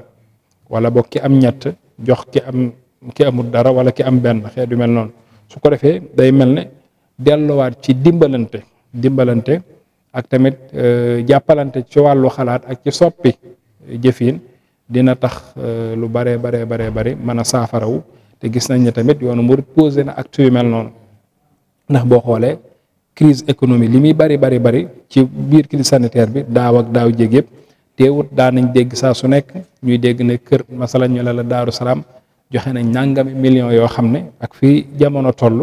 wala boog ki am ñett jox ki am ki amul dara wala ki am benn xeet yu mel noonu su ko defee day mel ne delluwaat ci dimbalante dimbalante ak tamit euh, jàppalante ci wàllu xalaat ak ci soppi jëfin dina tax euh, lu baree baree baree bari mën saafarawu te gis nañ ne tamit yoonu murid posé na acte yu mel noonu ndax boo xoolee crise économie li muy bari bari bari ci biir crise sanitaire bi daaw ak daaw jéeg yëpp teewut daa nañ dégg saa su nekk ñuy dégg ne kër masala ñu la la daaru salaam joxe nañ nàngami millions yoo xam ne ak fii jamono toll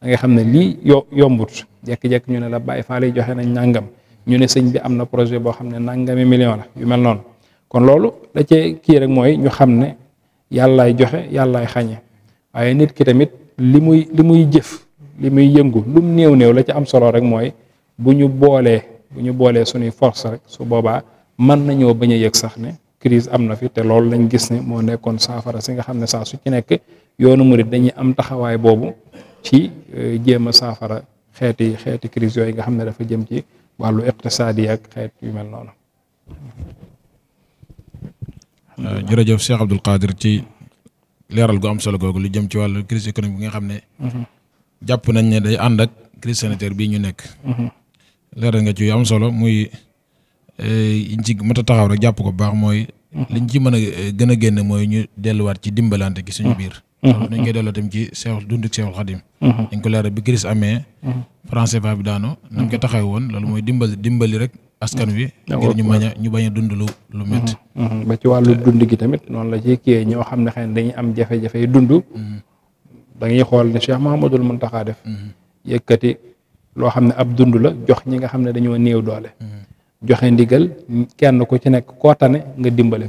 da nga xam ne lii yo yombut jekk-jekk ñu ne la Baay Faal lay joxe nañ nàngam ñu ne sëñ bi am na projet boo xam ne nàngami million la yu mel noonu kon loolu la cee kii rek mooy ñu xam ne yàllaay joxe yàllaay xañe waaye nit ki tamit li muy li muy jëf li muy yëngu lum néew néew la ci am solo rek mooy bu ñu boolee bu ñu boolee suñuy force rek su boobaa mën nañoo bañ a yëg sax ne crise am na fi te loolu lañ gis ne moo nekkoon saafara si nga xam ne saa su ci nekk yoonu murit dañuy am taxawaay boobu ci eh, jéem a saafara xeeti xeeti crise yooyu nga xam ne dafa jëm ci wàllu iqtisaad yi ak xeet yu mel noonu. Euh, jërëjëf Cheikh Abdoul Qadir ci leeral gu am solo googu lu jëm ci wàllu crise économique bi nga xam ne. Mm-hmm. jàpp nañ ne day ànd ak crise sanitaire bii ñu nekk. Mhm. leeral nga ci yu am solo muy eh, yiñ ci mën a taxaw rek jàpp ko bu baax mooy. Mhm. lañ ci mën a eh, gën a génn mooy ñu delluwaat ci dimbalante gi suñu mhm. biir. dañ koy delloo tam ci seexul dunduk seexul xadim dañ ko leeral bi crise amee français fa bi daano nañ ko taxaw woon loolu mooy dimbali dimbali rek askan wi ngir ñu bañ a ñu bañ a dund lu lu métti ba ci wàllu dund gi tamit noonu la ci kiyee ñoo xam ne xëy dañuy am jafe-jafe dund dañuy xool ne Cheikh Mouhamadul Mountakha def yëkkati loo xam ne ab dund la jox ñi nga xam ne dañoo néew doole joxe ndigal kenn ku ci nekk koo nga dimbale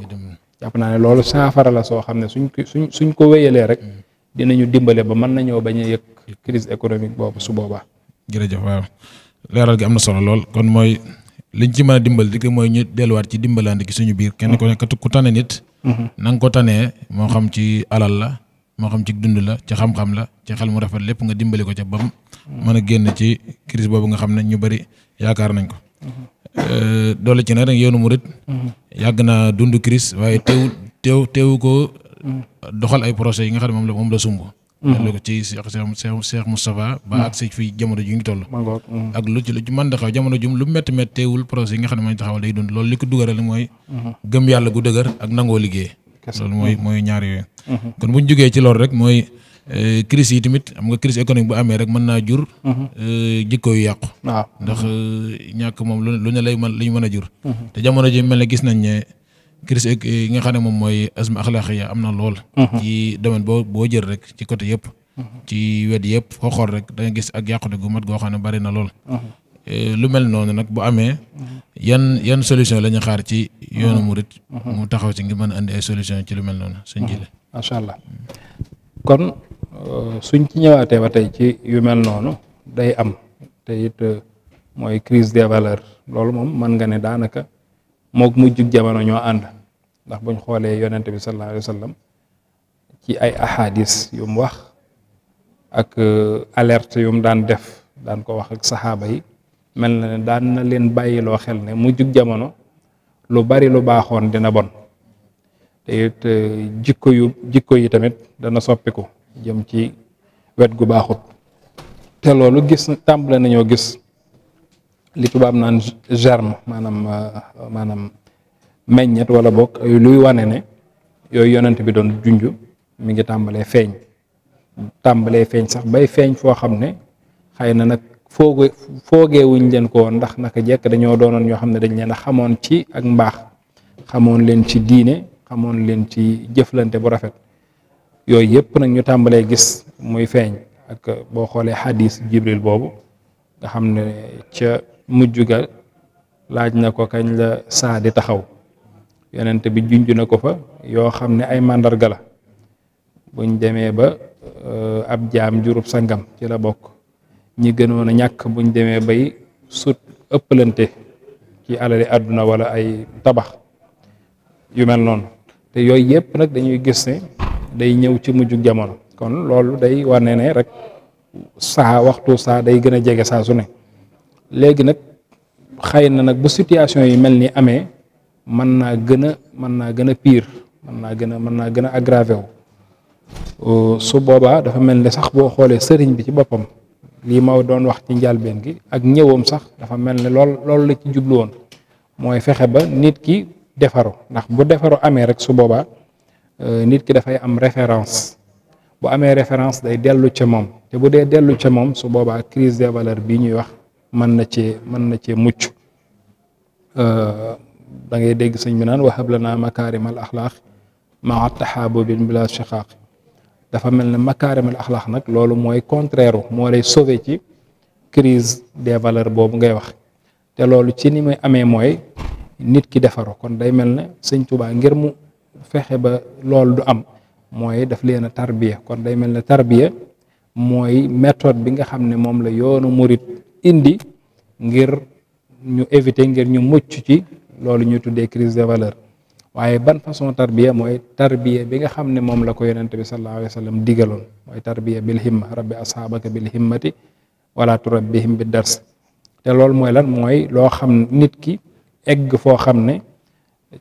jàpp naa ne loolu saafara la soo xam ne suñ suñ suñ ko wéyalee rek dinañu dimbale ba mën nañoo bañ a yëg crise économique boobu su boobaa jërëjëf waaw gi am na solo lool kon mooy liñ ci mën dimbal di mooy ñu delluwaat ci dimbalante gi suñu biir kenn ku nekk ku tane nit mhm. na ko tanee moo xam ci alal la moo xam ci dund la ci xam-xam la ci xel mu rafet lépp nga dimbali ko ca bam mën a génn ci crise boobu nga xam nañ ñu bari yaakaar nañ ko. Euh, doole ci nag rek yoonu mu murit yàgg naa dund crise waaye teew teew teewu ko doxal ay projets yi nga xam ne moom la moom la sumb. delloo ko ci Cheikh Cheikh Cheikh Moustapha. ba ak si fii jamono ji ngi toll. Mm. ak lu ci lu ci mën a jamono jum lu mett métti teewul projet yi nga xam ne mooy taxawal day dund loolu li ko dugaral mooy. Mm-hmm. gëm yàlla gu dëgër ak nangoo liggéey. loolu mooy mooy ñaar yooyu. Mhm. kon bu ñu jugee ci loolu rek mooy euh, crise yi tamit am nga crise économique bu amee rek mën naa jur. Mhm. Euh, jikko yu yàqu. waaw ndax mhm. euh, ñàkk moom lu ne lay mën li mën a jur. te jamono ji mel ne gis nañ ne crise yi nga xam ne moom mooy asma axlaaqiya am na lool. ci domaine boo boo jël rek ci côté yëpp. ci wet yëpp foo xool rek da gis ak yàqute gu mat goo xam ne bari na lool. Eh, lu mel noonu nag bu amee yan yan solution lañu xaar ci yoonu mm-hmm. murit mu mm-hmm. taxaw si ngir mën a indi ay solution ci lu mel noonu suñ mm-hmm. jile macha allah kon euh, suñ ci ñëwaatee ba tey ci yu mel noonu day am te it euh, mooy crise des valeurs loolu moom mën nga ne daanaka mook mujjug jamono ñoo ànd ndax buñ xoolee yonente bi sallallahu alayhi wa sallam ci ay ahadis yu mu wax ak euh, alerte yu mu daan def daan ko wax ak saxaaba yi mel na ne daan na leen bàyyiloo xel ne mu jug jamono lu bari lu baaxoon dina bon te eh, jikko yu jikko yi tamit dana soppiku jëm ci wet gu baaxut te loolu gis tàmbale nañoo gis li tubaab naan germe maanaam eh, maanaam meññet wala bokk luy wane ne yooyu yonent bi doon junj mi ngi tàmbalee feeñ tàmbalee feeñ sax bay feeñ foo xam ne xëy na nag fooge foogeewuñ leen ko woon ndax naka jekk dañoo doonoon ñoo xam ne dañ leen a xamoon ci ak mbaax xamoon leen ci diine xamoon leen ci jëflante bu rafet yooyu yëpp nag ñu tàmbalee gis muy feeñ ak boo xoolee xadis jibril boobu nga xam ne ca mujj ga laaj na ko kañ la saa di taxaw yonent bi junj na ko fa yoo xam ne ay màndarga la buñ demee ba euh, ab jaam jurub sangam ci la bokk ñi gënoon a ñàkk buñ demee bay sut ëppalante ci alali àdduna wala ay tabax yu mel noonu te yooyu yëpp nag dañuy gis ne day ñëw ci mujjug jamono kon loolu day wane ne rek saa waxtu saa day gën a jege saa su ne léegi nag xëy na nag bu situation yi mel ni amee mën naa gën a mën naa gën a pire mën naa gën a mën naa gën a aggravé wu su boobaa dafa mel ni sax boo xoolee sëriñ bi ci boppam lii ma doon wax ci njalbeen gi ak ñëwam sax dafa mel ne lool loolu la ci jublu woon mooy fexe ba nit ki defaru ndax bu defaru amee rek su boobaa euh, nit ki dafay am référence bu amee référence day dellu ca moom te bu dee dellu ca moom su boobaa crise des valeurs bii ñuy wax mën na cee mën na cee mucc euh, da ngay dégg sëñ bi naan wahab lana makaarimal ma maa taxaabu bin bila shiqaaq dafa mel ne makaarimal axlaax nag loolu mooy contraire moo lay sauver ci crise des valeurs boobu ngay wax te loolu ci ni muy amee mooy nit ki defaru kon day mel ne sëñ Tuubaa ngir mu fexe ba loolu du am mooy daf leen a tarbiya kon day mel ne tarbiya mooy méthode bi nga xam ne moom la yoonu murit indi ngir ñu éviter ngir ñu mucc ci loolu ñu tuddee crise des valeurs waaye ban façon tarbiya mooy tarbiya bi nga xam ne moom la ko yonent bi sallallahu alayhi wa sallam digaloon mooy tarbiya bil himma rabbi ashaabaka bil himmati wala turabbihim bi dars te loolu mooy lan mooy loo xam nit ki egg foo xam ne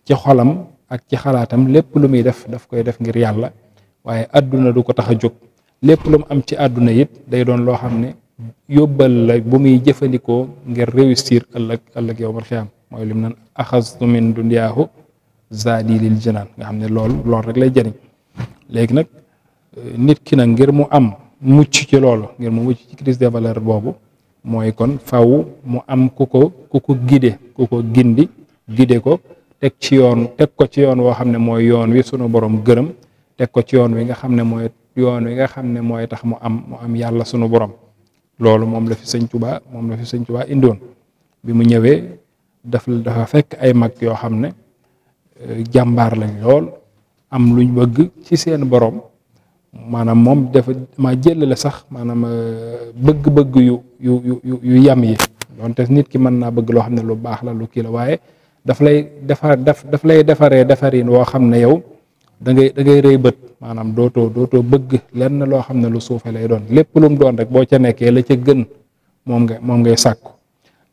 ci xolam ak ci xalaatam lépp lu muy def daf koy def ngir yàlla waaye àdduna du ko tax a jóg lépp lu mu am ci àdduna it day doon loo xam ne yóbbal la bu muy jëfandikoo ngir réussir ëllëg ëllëg yow mar xiyaam mooy lim nan axastu min duniyahu zaadi lil janaan nga xam ne loolu loolu rek lay jëriñ léegi nag euh, nit ki nag ngir mu am mucc ci loolu ngir mu mucc ci crise des boobu mooy kon faw mu am ku ko ku ko gide ku ko gindi gide ko teg ci yoon teg ko ci yoon woo xam ne mooy yoon wi sunu borom gërëm teg ko ci yoon wi nga xam ne mooy yoon wi nga xam ne mooy tax mu am mu am yàlla sunu borom loolu moom la fi sëñ Tuubaa moom la fi sëñ Tuubaa indoon bi mu ñëwee daf dafa fekk ay mag yoo xam ne jàmbaar lañ lool am luñ bëgg ci seen borom maanaam moom dafa ma jël la sax maanaam euh, bëgg-bëgg yu yu yu yu yam yi donte nit ki mën naa bëgg loo xam ne lu baax la lu kii la waaye daf lay defar def daf lay defaree defarin woo xam ne yow dangay ngay rëy bët maanaam dootoo dootoo bëgg lenn loo xam ne lu suufe lay doon lépp lum doon rek boo ca nekkee la ca gën moom nga moom ngay sàkku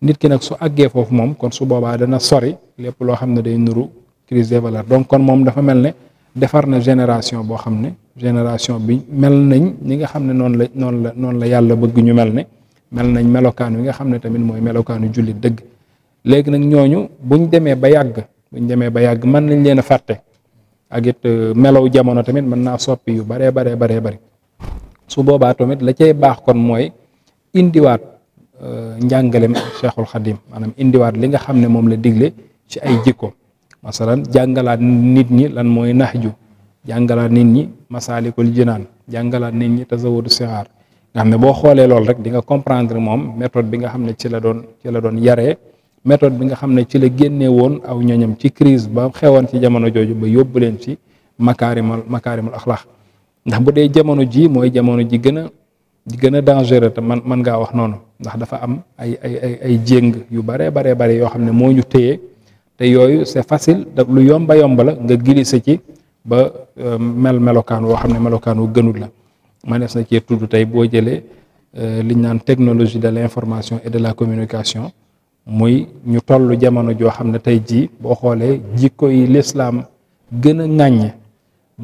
nit ki nag su àggee foofu moom kon su boobaa dana sori lépp loo xam ne day nuru crise des valeurs donc kon moom dafa mel ne defar na génération boo xam ne génération bi mel nañ ñi nga xam ne noonu la noonu noonu la yàlla bëgg ñu mel ne mel nañ melokaan wi nga xam ne tamit mooy melokaanu jullit dëgg léegi nag ñooñu buñ demee ba yàgg buñ demee ba yàgg mën nañ leen a fàtte ak it euh, melow jamono tamit mën naa soppi yu baree baree baree bari su boobaa tamit la cay baax kon mooy indiwaat euh, njàngalem Cheikhul Xadim maanaam indiwaat li nga xam ne moom la digle ci ay jikko masalan jàngalaat nit ñi lan mooy nax naxju jàngalaat nit ñi masaalikul jinaan jàngalaat nit ñi tasawudu sixaar nga xam ne boo xoolee loolu rek di nga comprendre moom méthode bi nga xam ne ci la doon ci la doon yaree méthode bi nga xam ne ci la génnee woon aw ñoñam ci crise ba xewoon ci jamono jooju ba yóbbu leen ci makaarimal makaarimul axlaax ndax bu dee jamono ji mooy jamono ji gën a ji gën a dangereux te man mën ngaa wax noonu ndax dafa am ay ay ay ay jéng yu baree baree bare yoo xam ne moo ñu téye te yooyu c'est facile lu yomba yomba la nga glissé ci ba euh, mel melokaan woo xam ne melokaan wu gënul la manees na cee tudd tey boo jëlee euh, liñ naan technologie de l'information et de la communication muy ñu toll jamono joo xam ne tey jii boo xoolee jikko yi lislaam gën a ŋàññ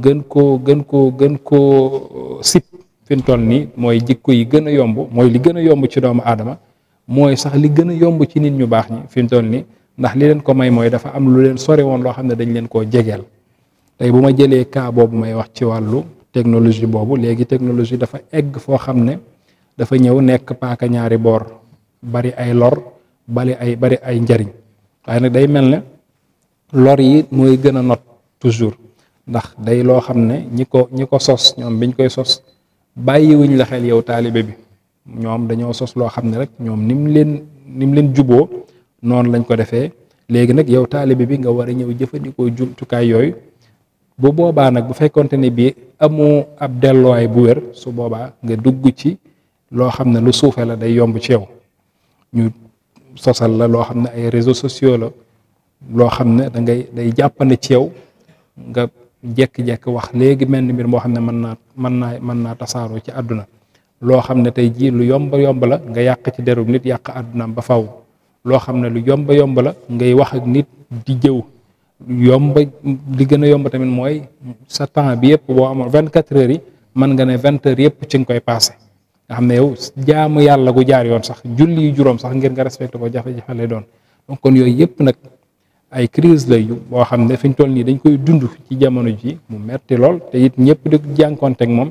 gën ko gën koo gën ko euh, sip fi mu nii mooy jikko yi gën a yomb mooy li gën a yomb ci doomu aadama mooy sax li gën a yomb ci nit ñu baax ñi fi mu nii ndax li leen ko may mooy dafa am lu leen sori woon loo xam ne dañ leen koo jegeel tey bu ma jëlee cas boobu may wax ci wàllu technologie boobu léegi technologie dafa egg foo xam ne dafa ñëw nekk paaka ñaari boor bari ay lor bari ay bari ay njariñ waaye nag day mel ne lor yi mooy gën a not toujours ndax day loo xam ne ñi ko ñi ko sos ñoom biñ koy sos bàyyiwuñ la xel yow taalibe bi ñoom dañoo sos loo xam ne rek ñoom nim leen nim leen juboo noonu lañ ko defee léegi nag yow taalibe bi nga war a ñëw jëfandikoo jumtukaay yooyu bu boobaa nag bu fekkonte ni bii amoo ab delluwaay bu wér su boobaa nga dugg ci loo xam ne lu suufee la day yomb ci yow ñu sosal la loo xam ne ay réseaux sociaux la loo xam ne dangay day jàppane ci yow nga jekk-jekk wax léegi mel ni mbir moo xam ne mën naa mën naa mën naa tasaaroo ci àdduna loo xam ne tey jii lu yomb yomb la nga yàq ci derub nit yàq àddunaam ba faw loo xam ne lu yomba yomb la ngay wax ak nit di jëw yomba li gën a yomb tamit mooy sa temps bi yëpp boo amoon vingt quatre heures yi mën nga ne vingt heures yëpp ci nga koy passé nga xam ne yow jaamu yàlla gu jaar yoon sax julli yu juróom sax ngir nga respecté ko jafe-jafe lay doon donc kon yooyu yëpp nag ay crise la yu boo xam ne fi ñu toll nii dañ koy dund ci jamono ji mu metti lool te it ñëpp di jànkoonte moom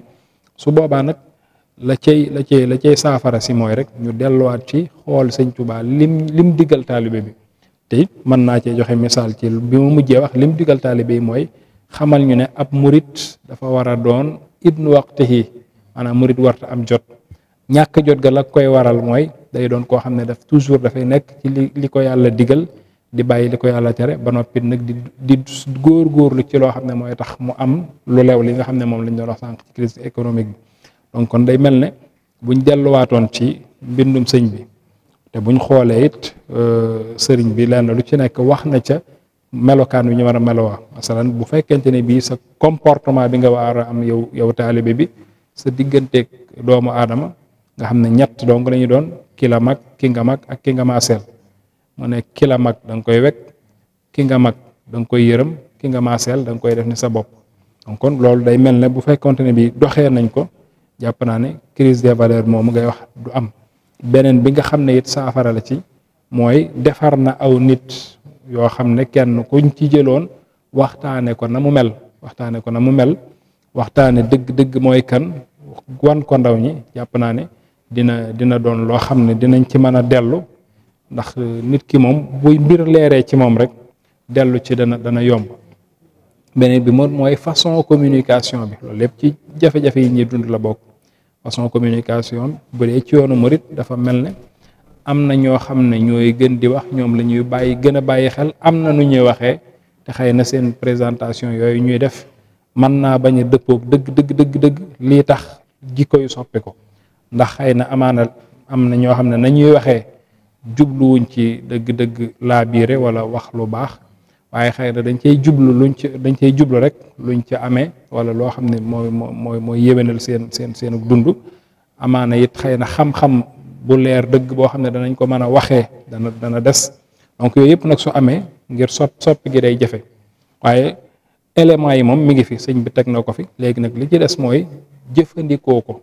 su boobaa nag la cay la cay la cay saafara si mooy rek ñu delluwaat ci xool sëñ Tuubaa lim lim diggal taalibe bi tey mën naa cee joxe misaal ci bi mu mujjee wax lim diggal taalibe bi mooy xamal ñu ne ab murit dafa war a doon ibnu waqtihi maanaam murit warta am jot ñàkk jot ga la koy waral mooy day doon koo xam ne daf toujours dafay nekk ci li li ko yàlla digal di bàyyi li ko yàlla tere ba noppi nag di di góor lu ci loo xam ne mooy tax mu am lu lew li nga xam ne moom lañ doon wax sànq ci crise économique bi don kon day mel ne buñ delluwaatoon ci mbindum sëñ bi te buñ xoolee it euh, sëriñ bi lenn lu ci nekk wax na ca melokaan bi ñu war a melowaa masalan bu fekkente ne bii sa comportement bi nga war a am yow yow taalibe bi sa digganteeg doomu aadama nga xam ne ñett donc lañu doon ki mag ki nga mag ak ki nga maaseel mu ne ki mag da nga koy wekk ki nga mag da koy yërëm ki nga maaseel da nga koy def ni sa bopp donc kon loolu day mel ne bu fekkonte ne bii doxee nañ ko jàpp naa ne crise valeur valeurs mu ngay wax du am beneen bi nga xam ne it saafara la ci mooy defar na aw nit yoo xam ne kenn kuñ ci jëloon waxtaane ko na mu mel waxtaane ko na mu mel waxtaane dëgg-dëgg mooy kan wan ko ndaw ñi jàpp naa ne dina dina doon loo xam ne dinañ ci mën a dellu ndax nit ki moom buy mbir leeree ci moom rek dellu ci dana dana yomb beneen bi moom mooy façon communication bi loolu lépp ci jafe-jafe yi ñuy dund la bokk façon communication bu dee ci yoonu morit dafa mel ne am na ñoo xam ne ñooy gën di wax ñoom la ñuy bàyyi gën a bàyyi xel am na nu ñuy waxee te xëy na seen présentation yooyu ñuy def mën naa bañ dëppook dëppoog dëgg dëgg dëgg lii tax jikko koy soppi ko ndax xëy na amaana am na ñoo xam ne nañuy waxee jubluwuñ ci dëgg-dëgg laa biire wala wax lu baax waaye xëy na dañ cay jublu luñ ci dañ cay jublu rek luñ ca amee wala loo xam ne mooy mooy mooy yéwénal seen seen seenu dund amaana it xëy na xam-xam bu leer dëgg boo xam ne danañ ko mën a waxee dana dana des donc yooyu yëpp nag su amee ngir sop soppi gi day jafe waaye éléments yi moom mi ngi fi sëñ bi teg na ko fi léegi nag li ci des mooy jëfandikoo ko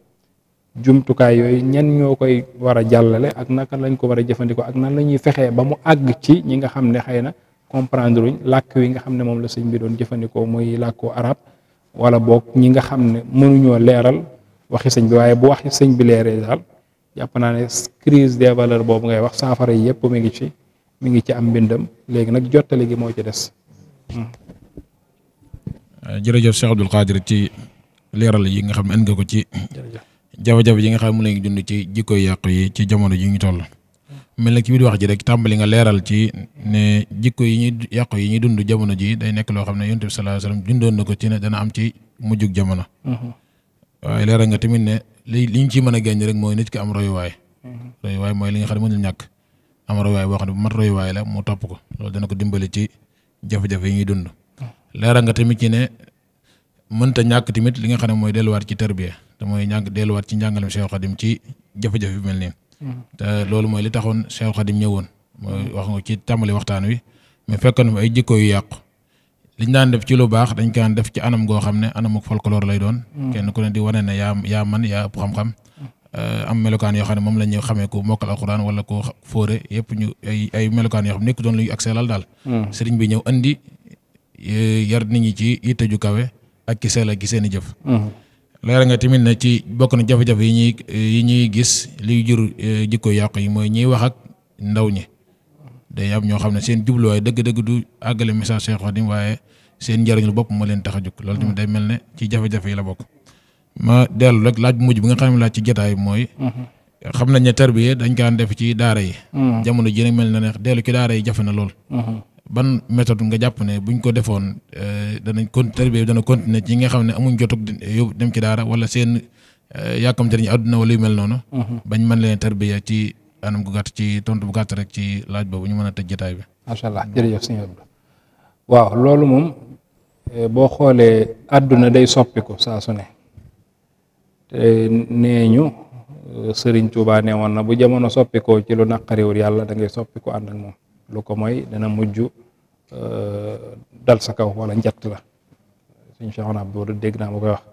jumtukaay yooyu ñan ñoo koy war a jàllale ak naka lañ ko war a jëfandikoo ak nan lañuy fexee ba mu àgg ci ñi nga xam ne xëy na comprendre wuñ làkk wi nga xam ne moom la sëñ bi doon jëfandikoo muy làkku arab wala boog ñi nga xam ne mënuñoo leeral waxi sëñ bi waaye bu waxi sëñ bi leeree daal jàpp naa ne crise des valeur boobu ngay wax saafara yi yëpp mi ngi ci mi ngi ci am mbindam léegi nag jottali gi moo ci des. Hmm. Euh, jërëjëf Cheikh Abdoul Khadir ci leeral yi nga xam ne indi nga ko ci. jafe-jafe yi nga xam ne mu ngi dund ci jikko yàqu yi ci jamono yi ñu toll. mel na ci biir wax ji rek tàmbali nga leeral ci ne jikko yi ñuy yàqu yi ñuy dund jamono ji day nekk loo xam ne yonent bi sallallahu alayhi wasallam dundoon na ko ci ne dana am ci mujjug jamono. Mhm. waaye leeral nga tamit ne li li ñu ciy mën a génn rek mooy nit ki am royuwaay. Mhm. royuwaay mooy li nga xam ne mënul ñàkk am royuwaay boo xam ne bu mat royuwaay mu topp ko loolu dana ko dimbali ci jafe-jafe yi ñuy dund. leeral nga tamit ci ne mënta ñàkk tamit li nga xam ne mooy delluwaat ci tarbiya te mooy ñàkk delluwaat ci njàngalem Cheikh Khadim ci jafe-jafe mel nii te loolu mooy li taxoon Cheikh Khadim ñëwoon mooy wax nga ci tàmbali waxtaan wi mais fekkoon mu ay jikko yu yàqu liñ daan def ci lu baax dañ kaan def ci anam goo xam ne anamuk folklore lay doon mm. kenn ku ne di wane ne yaa yaa man yaa ëpp xam-xam mm. am melokaan yoo xam ne moom la ñu xamee ku mokkal alxuraan wala ku fóore yëpp ñu ay melokaan yoo xam nekk doon luy accès lal daal mm. sëriñ bi ñëw andi yar ni ñi ci yitte ju kawe ak ki seel ak ki seen i jëf leeral nga tamit na ci bokk na jafe-jafe yi ñuy yi ñuy gis liy jur e, jikko yàqu yi mooy ñiy wax ak ndaw ñi day am ñoo xam ne seen jubluwaay dëgg-dëgg du àggale message Cheikh Khadim waaye seen njëriñu bopp ma leen tax a jóg. loolu tamit day mel ne ci jafe-jafe yi la bokk. ma dellu rek laaj bu mujj bi nga xam ne laaj ci jotaay mooy. xam nañ ne tarbiya dañ kaan def ci daara yi. Mm-hmm. jamono ji nag mel na ne dellu ki daara yi jafe na lool. Mm-hmm. ban méthode nga jàpp ne buñ ko defoon euh, danañ kon tarbiya dana continuer ci nga xam ne amuñ jotug eh, yóbbu dem ci daara wala seen euh, yàkkamte ñu àdduna wala yu mel noonu. Mm-hmm. bañ man leen tarbiya ci anam gu gàtt ci tontu bu gàtt rek ci laaj boobu ñu mën a tëj jotaay bi. macha allah jërëjëf sëñ Abdou waaw loolu moom eh, boo xoolee àdduna day soppiku saa su ne te nee ñu euh, Sëriñ Tuubaa woon na bu jamono soppikoo ci lu naqariwul yàlla da ngay soppiku ànd moom lu ko mooy dana mujj Euh, dal sa kaw wala njett la suñ Cheikhouna Abdou dégg naa mu koy wax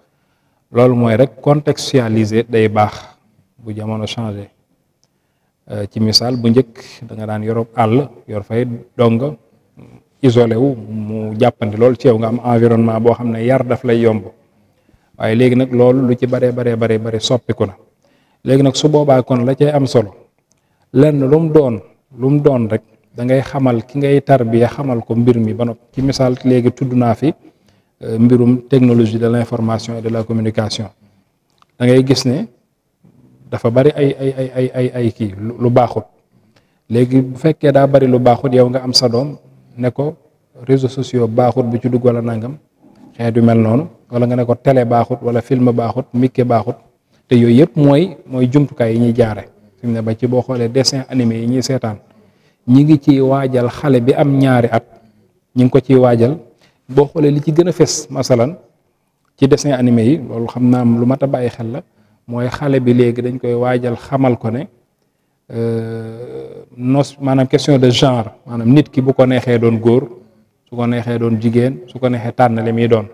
loolu mooy rek contextualiser day baax bu jamono changé euh, ci misaal bu njëkk da nga daan yorob àll yor fay dong isolé wu mu jàppandi lool ci yow nga am environnement boo xam ne yar daf lay yomb waaye léegi nag loolu lu ci baree baree baree bare soppiku na léegi nag su boobaa kon la cay am solo len lu doon lu doon rek da ngay xamal ki ngay tarbiya xamal ko mbir mi ba nopp ci misaal léegi tudd naa fi euh, mbirum technologie de l'information et de la communication da ngay gis ne dafa bari ay ay ay ay ay ay kii lu baaxut léegi bu fekkee daa bari lu baaxut yow nga am sa doom ne ko réseaux sociaux baaxut bu ci dugg wala nangam xeet mel noonu wala nga ne ko télé baaxut wala film baaxut mikke baaxut te yooyu yëpp mooy mooy jumtukaay yi ñuy jaare fi ne ba ci boo xoolee dessin animé yi ñuy seetaan ñi ngi ciy waajal xale bi am ñaari at ñi ngi ko ciy waajal boo xoolee li ci gën a fes masalan ci dessin animé yi loolu xam naa lu mat a bàyyi xel la mooy xale bi léegi dañ koy waajal xamal ko ne euh, nos maanaam question de genre maanaam nit ki bu ko neexee doon góor su ko neexee doon jigéen su ko neexee tànn li muy doon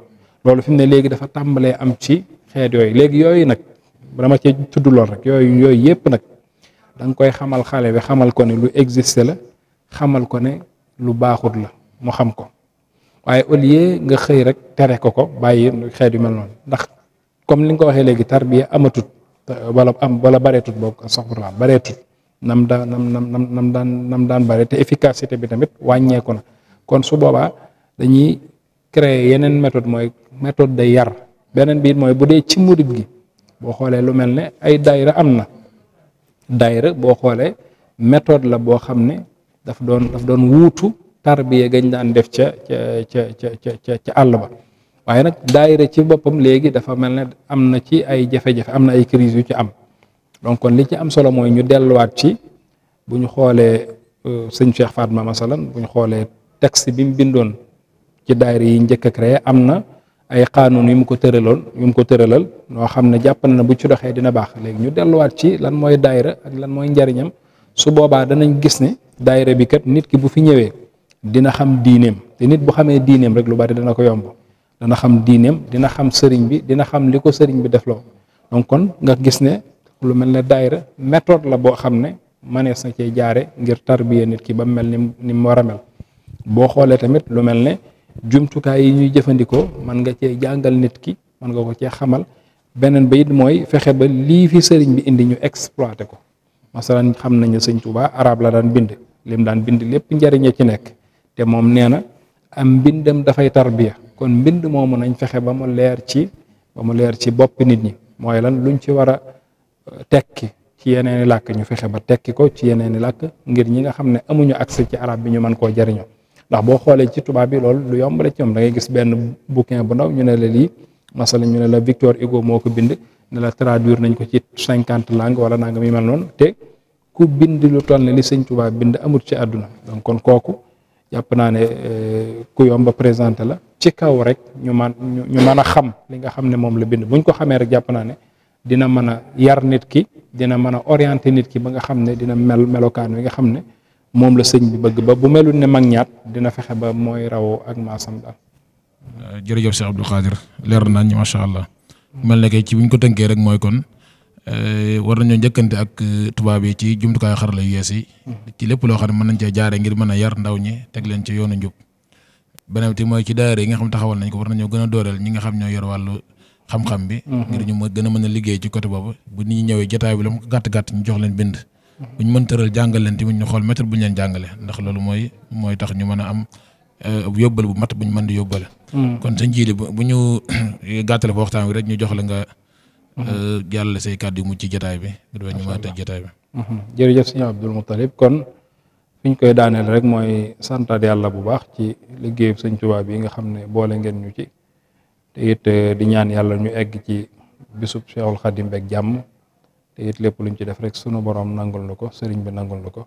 loolu fi mu ne léegi dafa tàmbalee am ci xeet yooyu léegi yooyu nag dama cee tudd lool rek yooyu yooyu yépp nag da nga koy xamal xaale bi xamal ko ne lu existe la xamal ko ne lu baaxut la mu xam ko waaye au lieu nga xëy rek tere ko ko bàyyi xeet yu mel noonu ndax comme ni nga ko waxee léegi tarbiya amatut wala am wala bareetut boobu soxna bareetut nam daan nam nam nam daan nam daan bare te efficacité bi tamit wàññeeku na kon su boobaa dañuy créer yeneen méthode mooy méthode de yar beneen bi mooy bu dee ci murit gi boo xoolee lu mel ne ay daayira am na. daayira boo xoolee méthode la boo xam ne daf doon daf doon wuutu tarbiya gañ daan def ca ca ca ca ca àll ba waaye nag daayira ci boppam léegi dafa mel na am na ci ay jafe-jafe am na ay crise yu ci am donc kon li ci am solo mooy ñu delluwaat ci bu ñu xoolee euh, sëñ Cheikh Fatma masalan bu ñu xoolee texte bi mu bindoon ci daayira yi njëkk a am na ay xaanuun yu mu ko tëraloon yu mu ko tëralal noo xam ne jàpp na bu ci doxee dina baax léegi ñu delluwaat ci lan mooy daayira ak lan mooy njariñam su boobaa danañ gis ne daayira bi kat nit ki bu fi ñëwee dina xam diineem te nit bu xamee diineem rek lu bari dana ko yomb dana xam diineem dina xam sëriñ bi dina xam li ko sëriñ bi defloo donc kon nga gis ne lu mel ne daayira méthode la boo xam ne mënees na cee jaare ngir tarbiye nit ki ba mel ni ni mu war a mel boo xoolee tamit lu mel ne jumtukaay yi ñuy jëfandikoo man nga cee jàngal nit ki man nga ko cee xamal beneen ba it mooy fexe ba lii fi sëriñ bi indi ñu exploité ko masalan xam nañu sëñ Tuubaa arab la daan bind lim daan bind lépp njariñe ci nekk te moom nee na am mbindam dafay tarbiya kon mbind moomu nañ fexe ba mu leer ci ba mu leer ci bopp nit ñi mooy lan luñ ci war a euh, tekki ci yeneeni làkk ñu fexe ba tekki ko ci yeneeni làkk ngir ñi nga xam ne amuñu accès ci arab bi ñu mën koo jariñoo ndax boo xoolee ci tubaab bi loolu lu yomb la ci ñoom da ngay gis benn bouquin bu ndaw ñu ne la lii masala ñu ne la Victor Hugo moo ko bind ne la traduire nañ ko ci cinquante langues wala nanga mi mel noonu te ku bind lu toll ne li sëñ tubaab bind amut ci àdduna donc kon kooku jàpp naa ne euh, ku yomb a présenté la ci kaw rek ñu man ñu mën a xam li nga xam ne moom la bind buñ ko xamee rek jàpp naa ne dina mën a yar nit ki dina mën a orienté nit ki ba nga xam ne dina mel melokaan wi nga xam ne moom la sëñ bi bëgg ba bu melul ne mag ñaat dina fexe ba mooy raw ak maasam daal. Euh, jërëjëf Cheikh Abdou Khadir leer nañ macha allah. mel na kay ci buñ ko tënkee rek mooy kon euh, war nañoo njëkkante ak euh, tubaab yi ci jumtukaayu xarala yu yees yi. ci lépp loo xam ne mën nañ cee jaare ngir mën a yar ndaw ñi teg leen ci yoonu njub. beneen bi mooy ci daayira yi nga xam taxawal nañ ko war nañoo gën a dooleel ñi nga xam ñoo yor wàllu xam-xam bi. Mhm. ngir ñu gën a mën a liggéey ci côté boobu bu nit ñi ñëwee jotaay bi la mu gàtt gàtt ñu jox leen bind. bu ñu mën tëral jàngal leen tamit ñu xool méthode bu ñu leen jàngale ndax loolu mooy mooy tax ñu mën a am euh, yóbbal bu mat bu ñu mën di yóbbale. Hmm. kon sa njiili bu ñu gàttale fa waxtaan bi rek ñu jox la nga. Hmm. Euh, jàllale say kàddu yu mujj ci jotaay bi. macha allah ñu mën a bi. Hmm. jërëjëf sëñ Abdul Muttalib kon fi ñu koy daaneel rek mooy santaat yàlla bu baax ci liggéeyub sëñ Tuubaa bi nga xam ne boole ngeen ñu ci te it euh, di ñaan yàlla ñu egg ci bisub Seexul Xadim beeg jàmm. te it lépp luñ ci def rek sunu borom nangul na ko sëriñ bi nangul na ko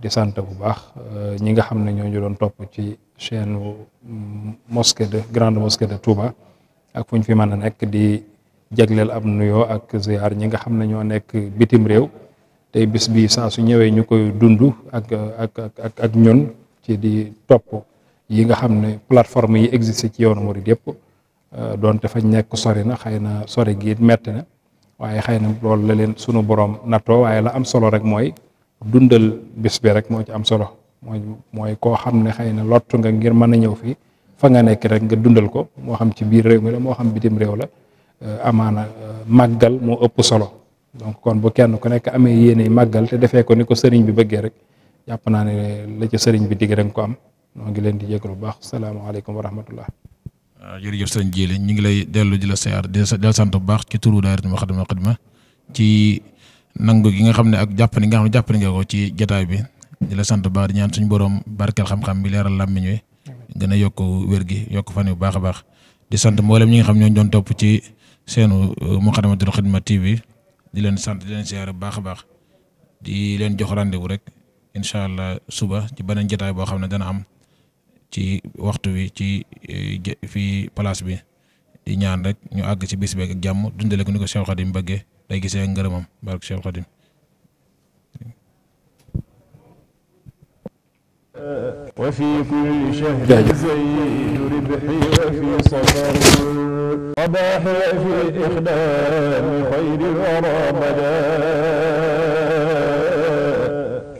di sant bu baax euh, ñi nga xam ne ñoo ñu doon topp ci chaîne mosquée de grande mosquée de Touba ak fu ñu fi mën a nekk di jagleel am nuyo ak ziar ñi nga xam ne ñoo nekk bitim réew tey bis bi saa su ñëwee ñu koy dund ak ak ñun ci di topp yi nga xam ne plateforme yi existé ci yoonu murid yëpp euh, donte fañ nekk sori na xëy na sori giit it na. waaye xëy na loolu la leen sunu borom nattoo waaye la am solo rek mooy dundal bis bi rek moo ci am solo mooy mooy koo xam ne xëy na lottu nga ngir mën a ñëw fii fa nga nekk rek nga dundal ko moo xam ci biir réew mi la moo xam bitim réew la euh, amaana euh, màggal moo ëpp solo donc kon bu kenn ku nekk amee yéene màggal te defee ko ni ko sëriñ bi bëggee rek jàpp naa ne la ca sëriñ bi dig rek ko am noo ngi leen di jégalu lu baax salaamaaleykum wa rahmatullah waaw euh, jërëjëf sëriñ Jili ñu ngi lay dellu di la siyaar di la sant bu baax ci turu daayira Moukhaddamatoul Khidma ci nangu gi nga xam ne ak jàppandi nga xam ne jàppandi nga ko ci jotaay bi di la sant bu baax di ñaan suñu borom barkeel xam-xam bi leeral làmmiñ wi gën a yokk wér gi yokk fan yu baax a baax di sant mboolem ñi nga xam ñoo doon topp ci seenu euh, Moukhaddamatoul Khidma TV di leen sant di leen siyaar bu baax a baax di leen jox rendez-vous rek incha allah suba ci beneen jotaay boo xam ne dana am. ci waxtu wi ci eh, fi place bi di ñaan rek ñu àgg ci bis beeg ak jàmm dundale ko ni ko Cheikh Khadim bëggee day gisee ngërëmam barke Cheikh Khadim. وفي كل شهر زيد ربحي وفي صفر صباح في إخدام خير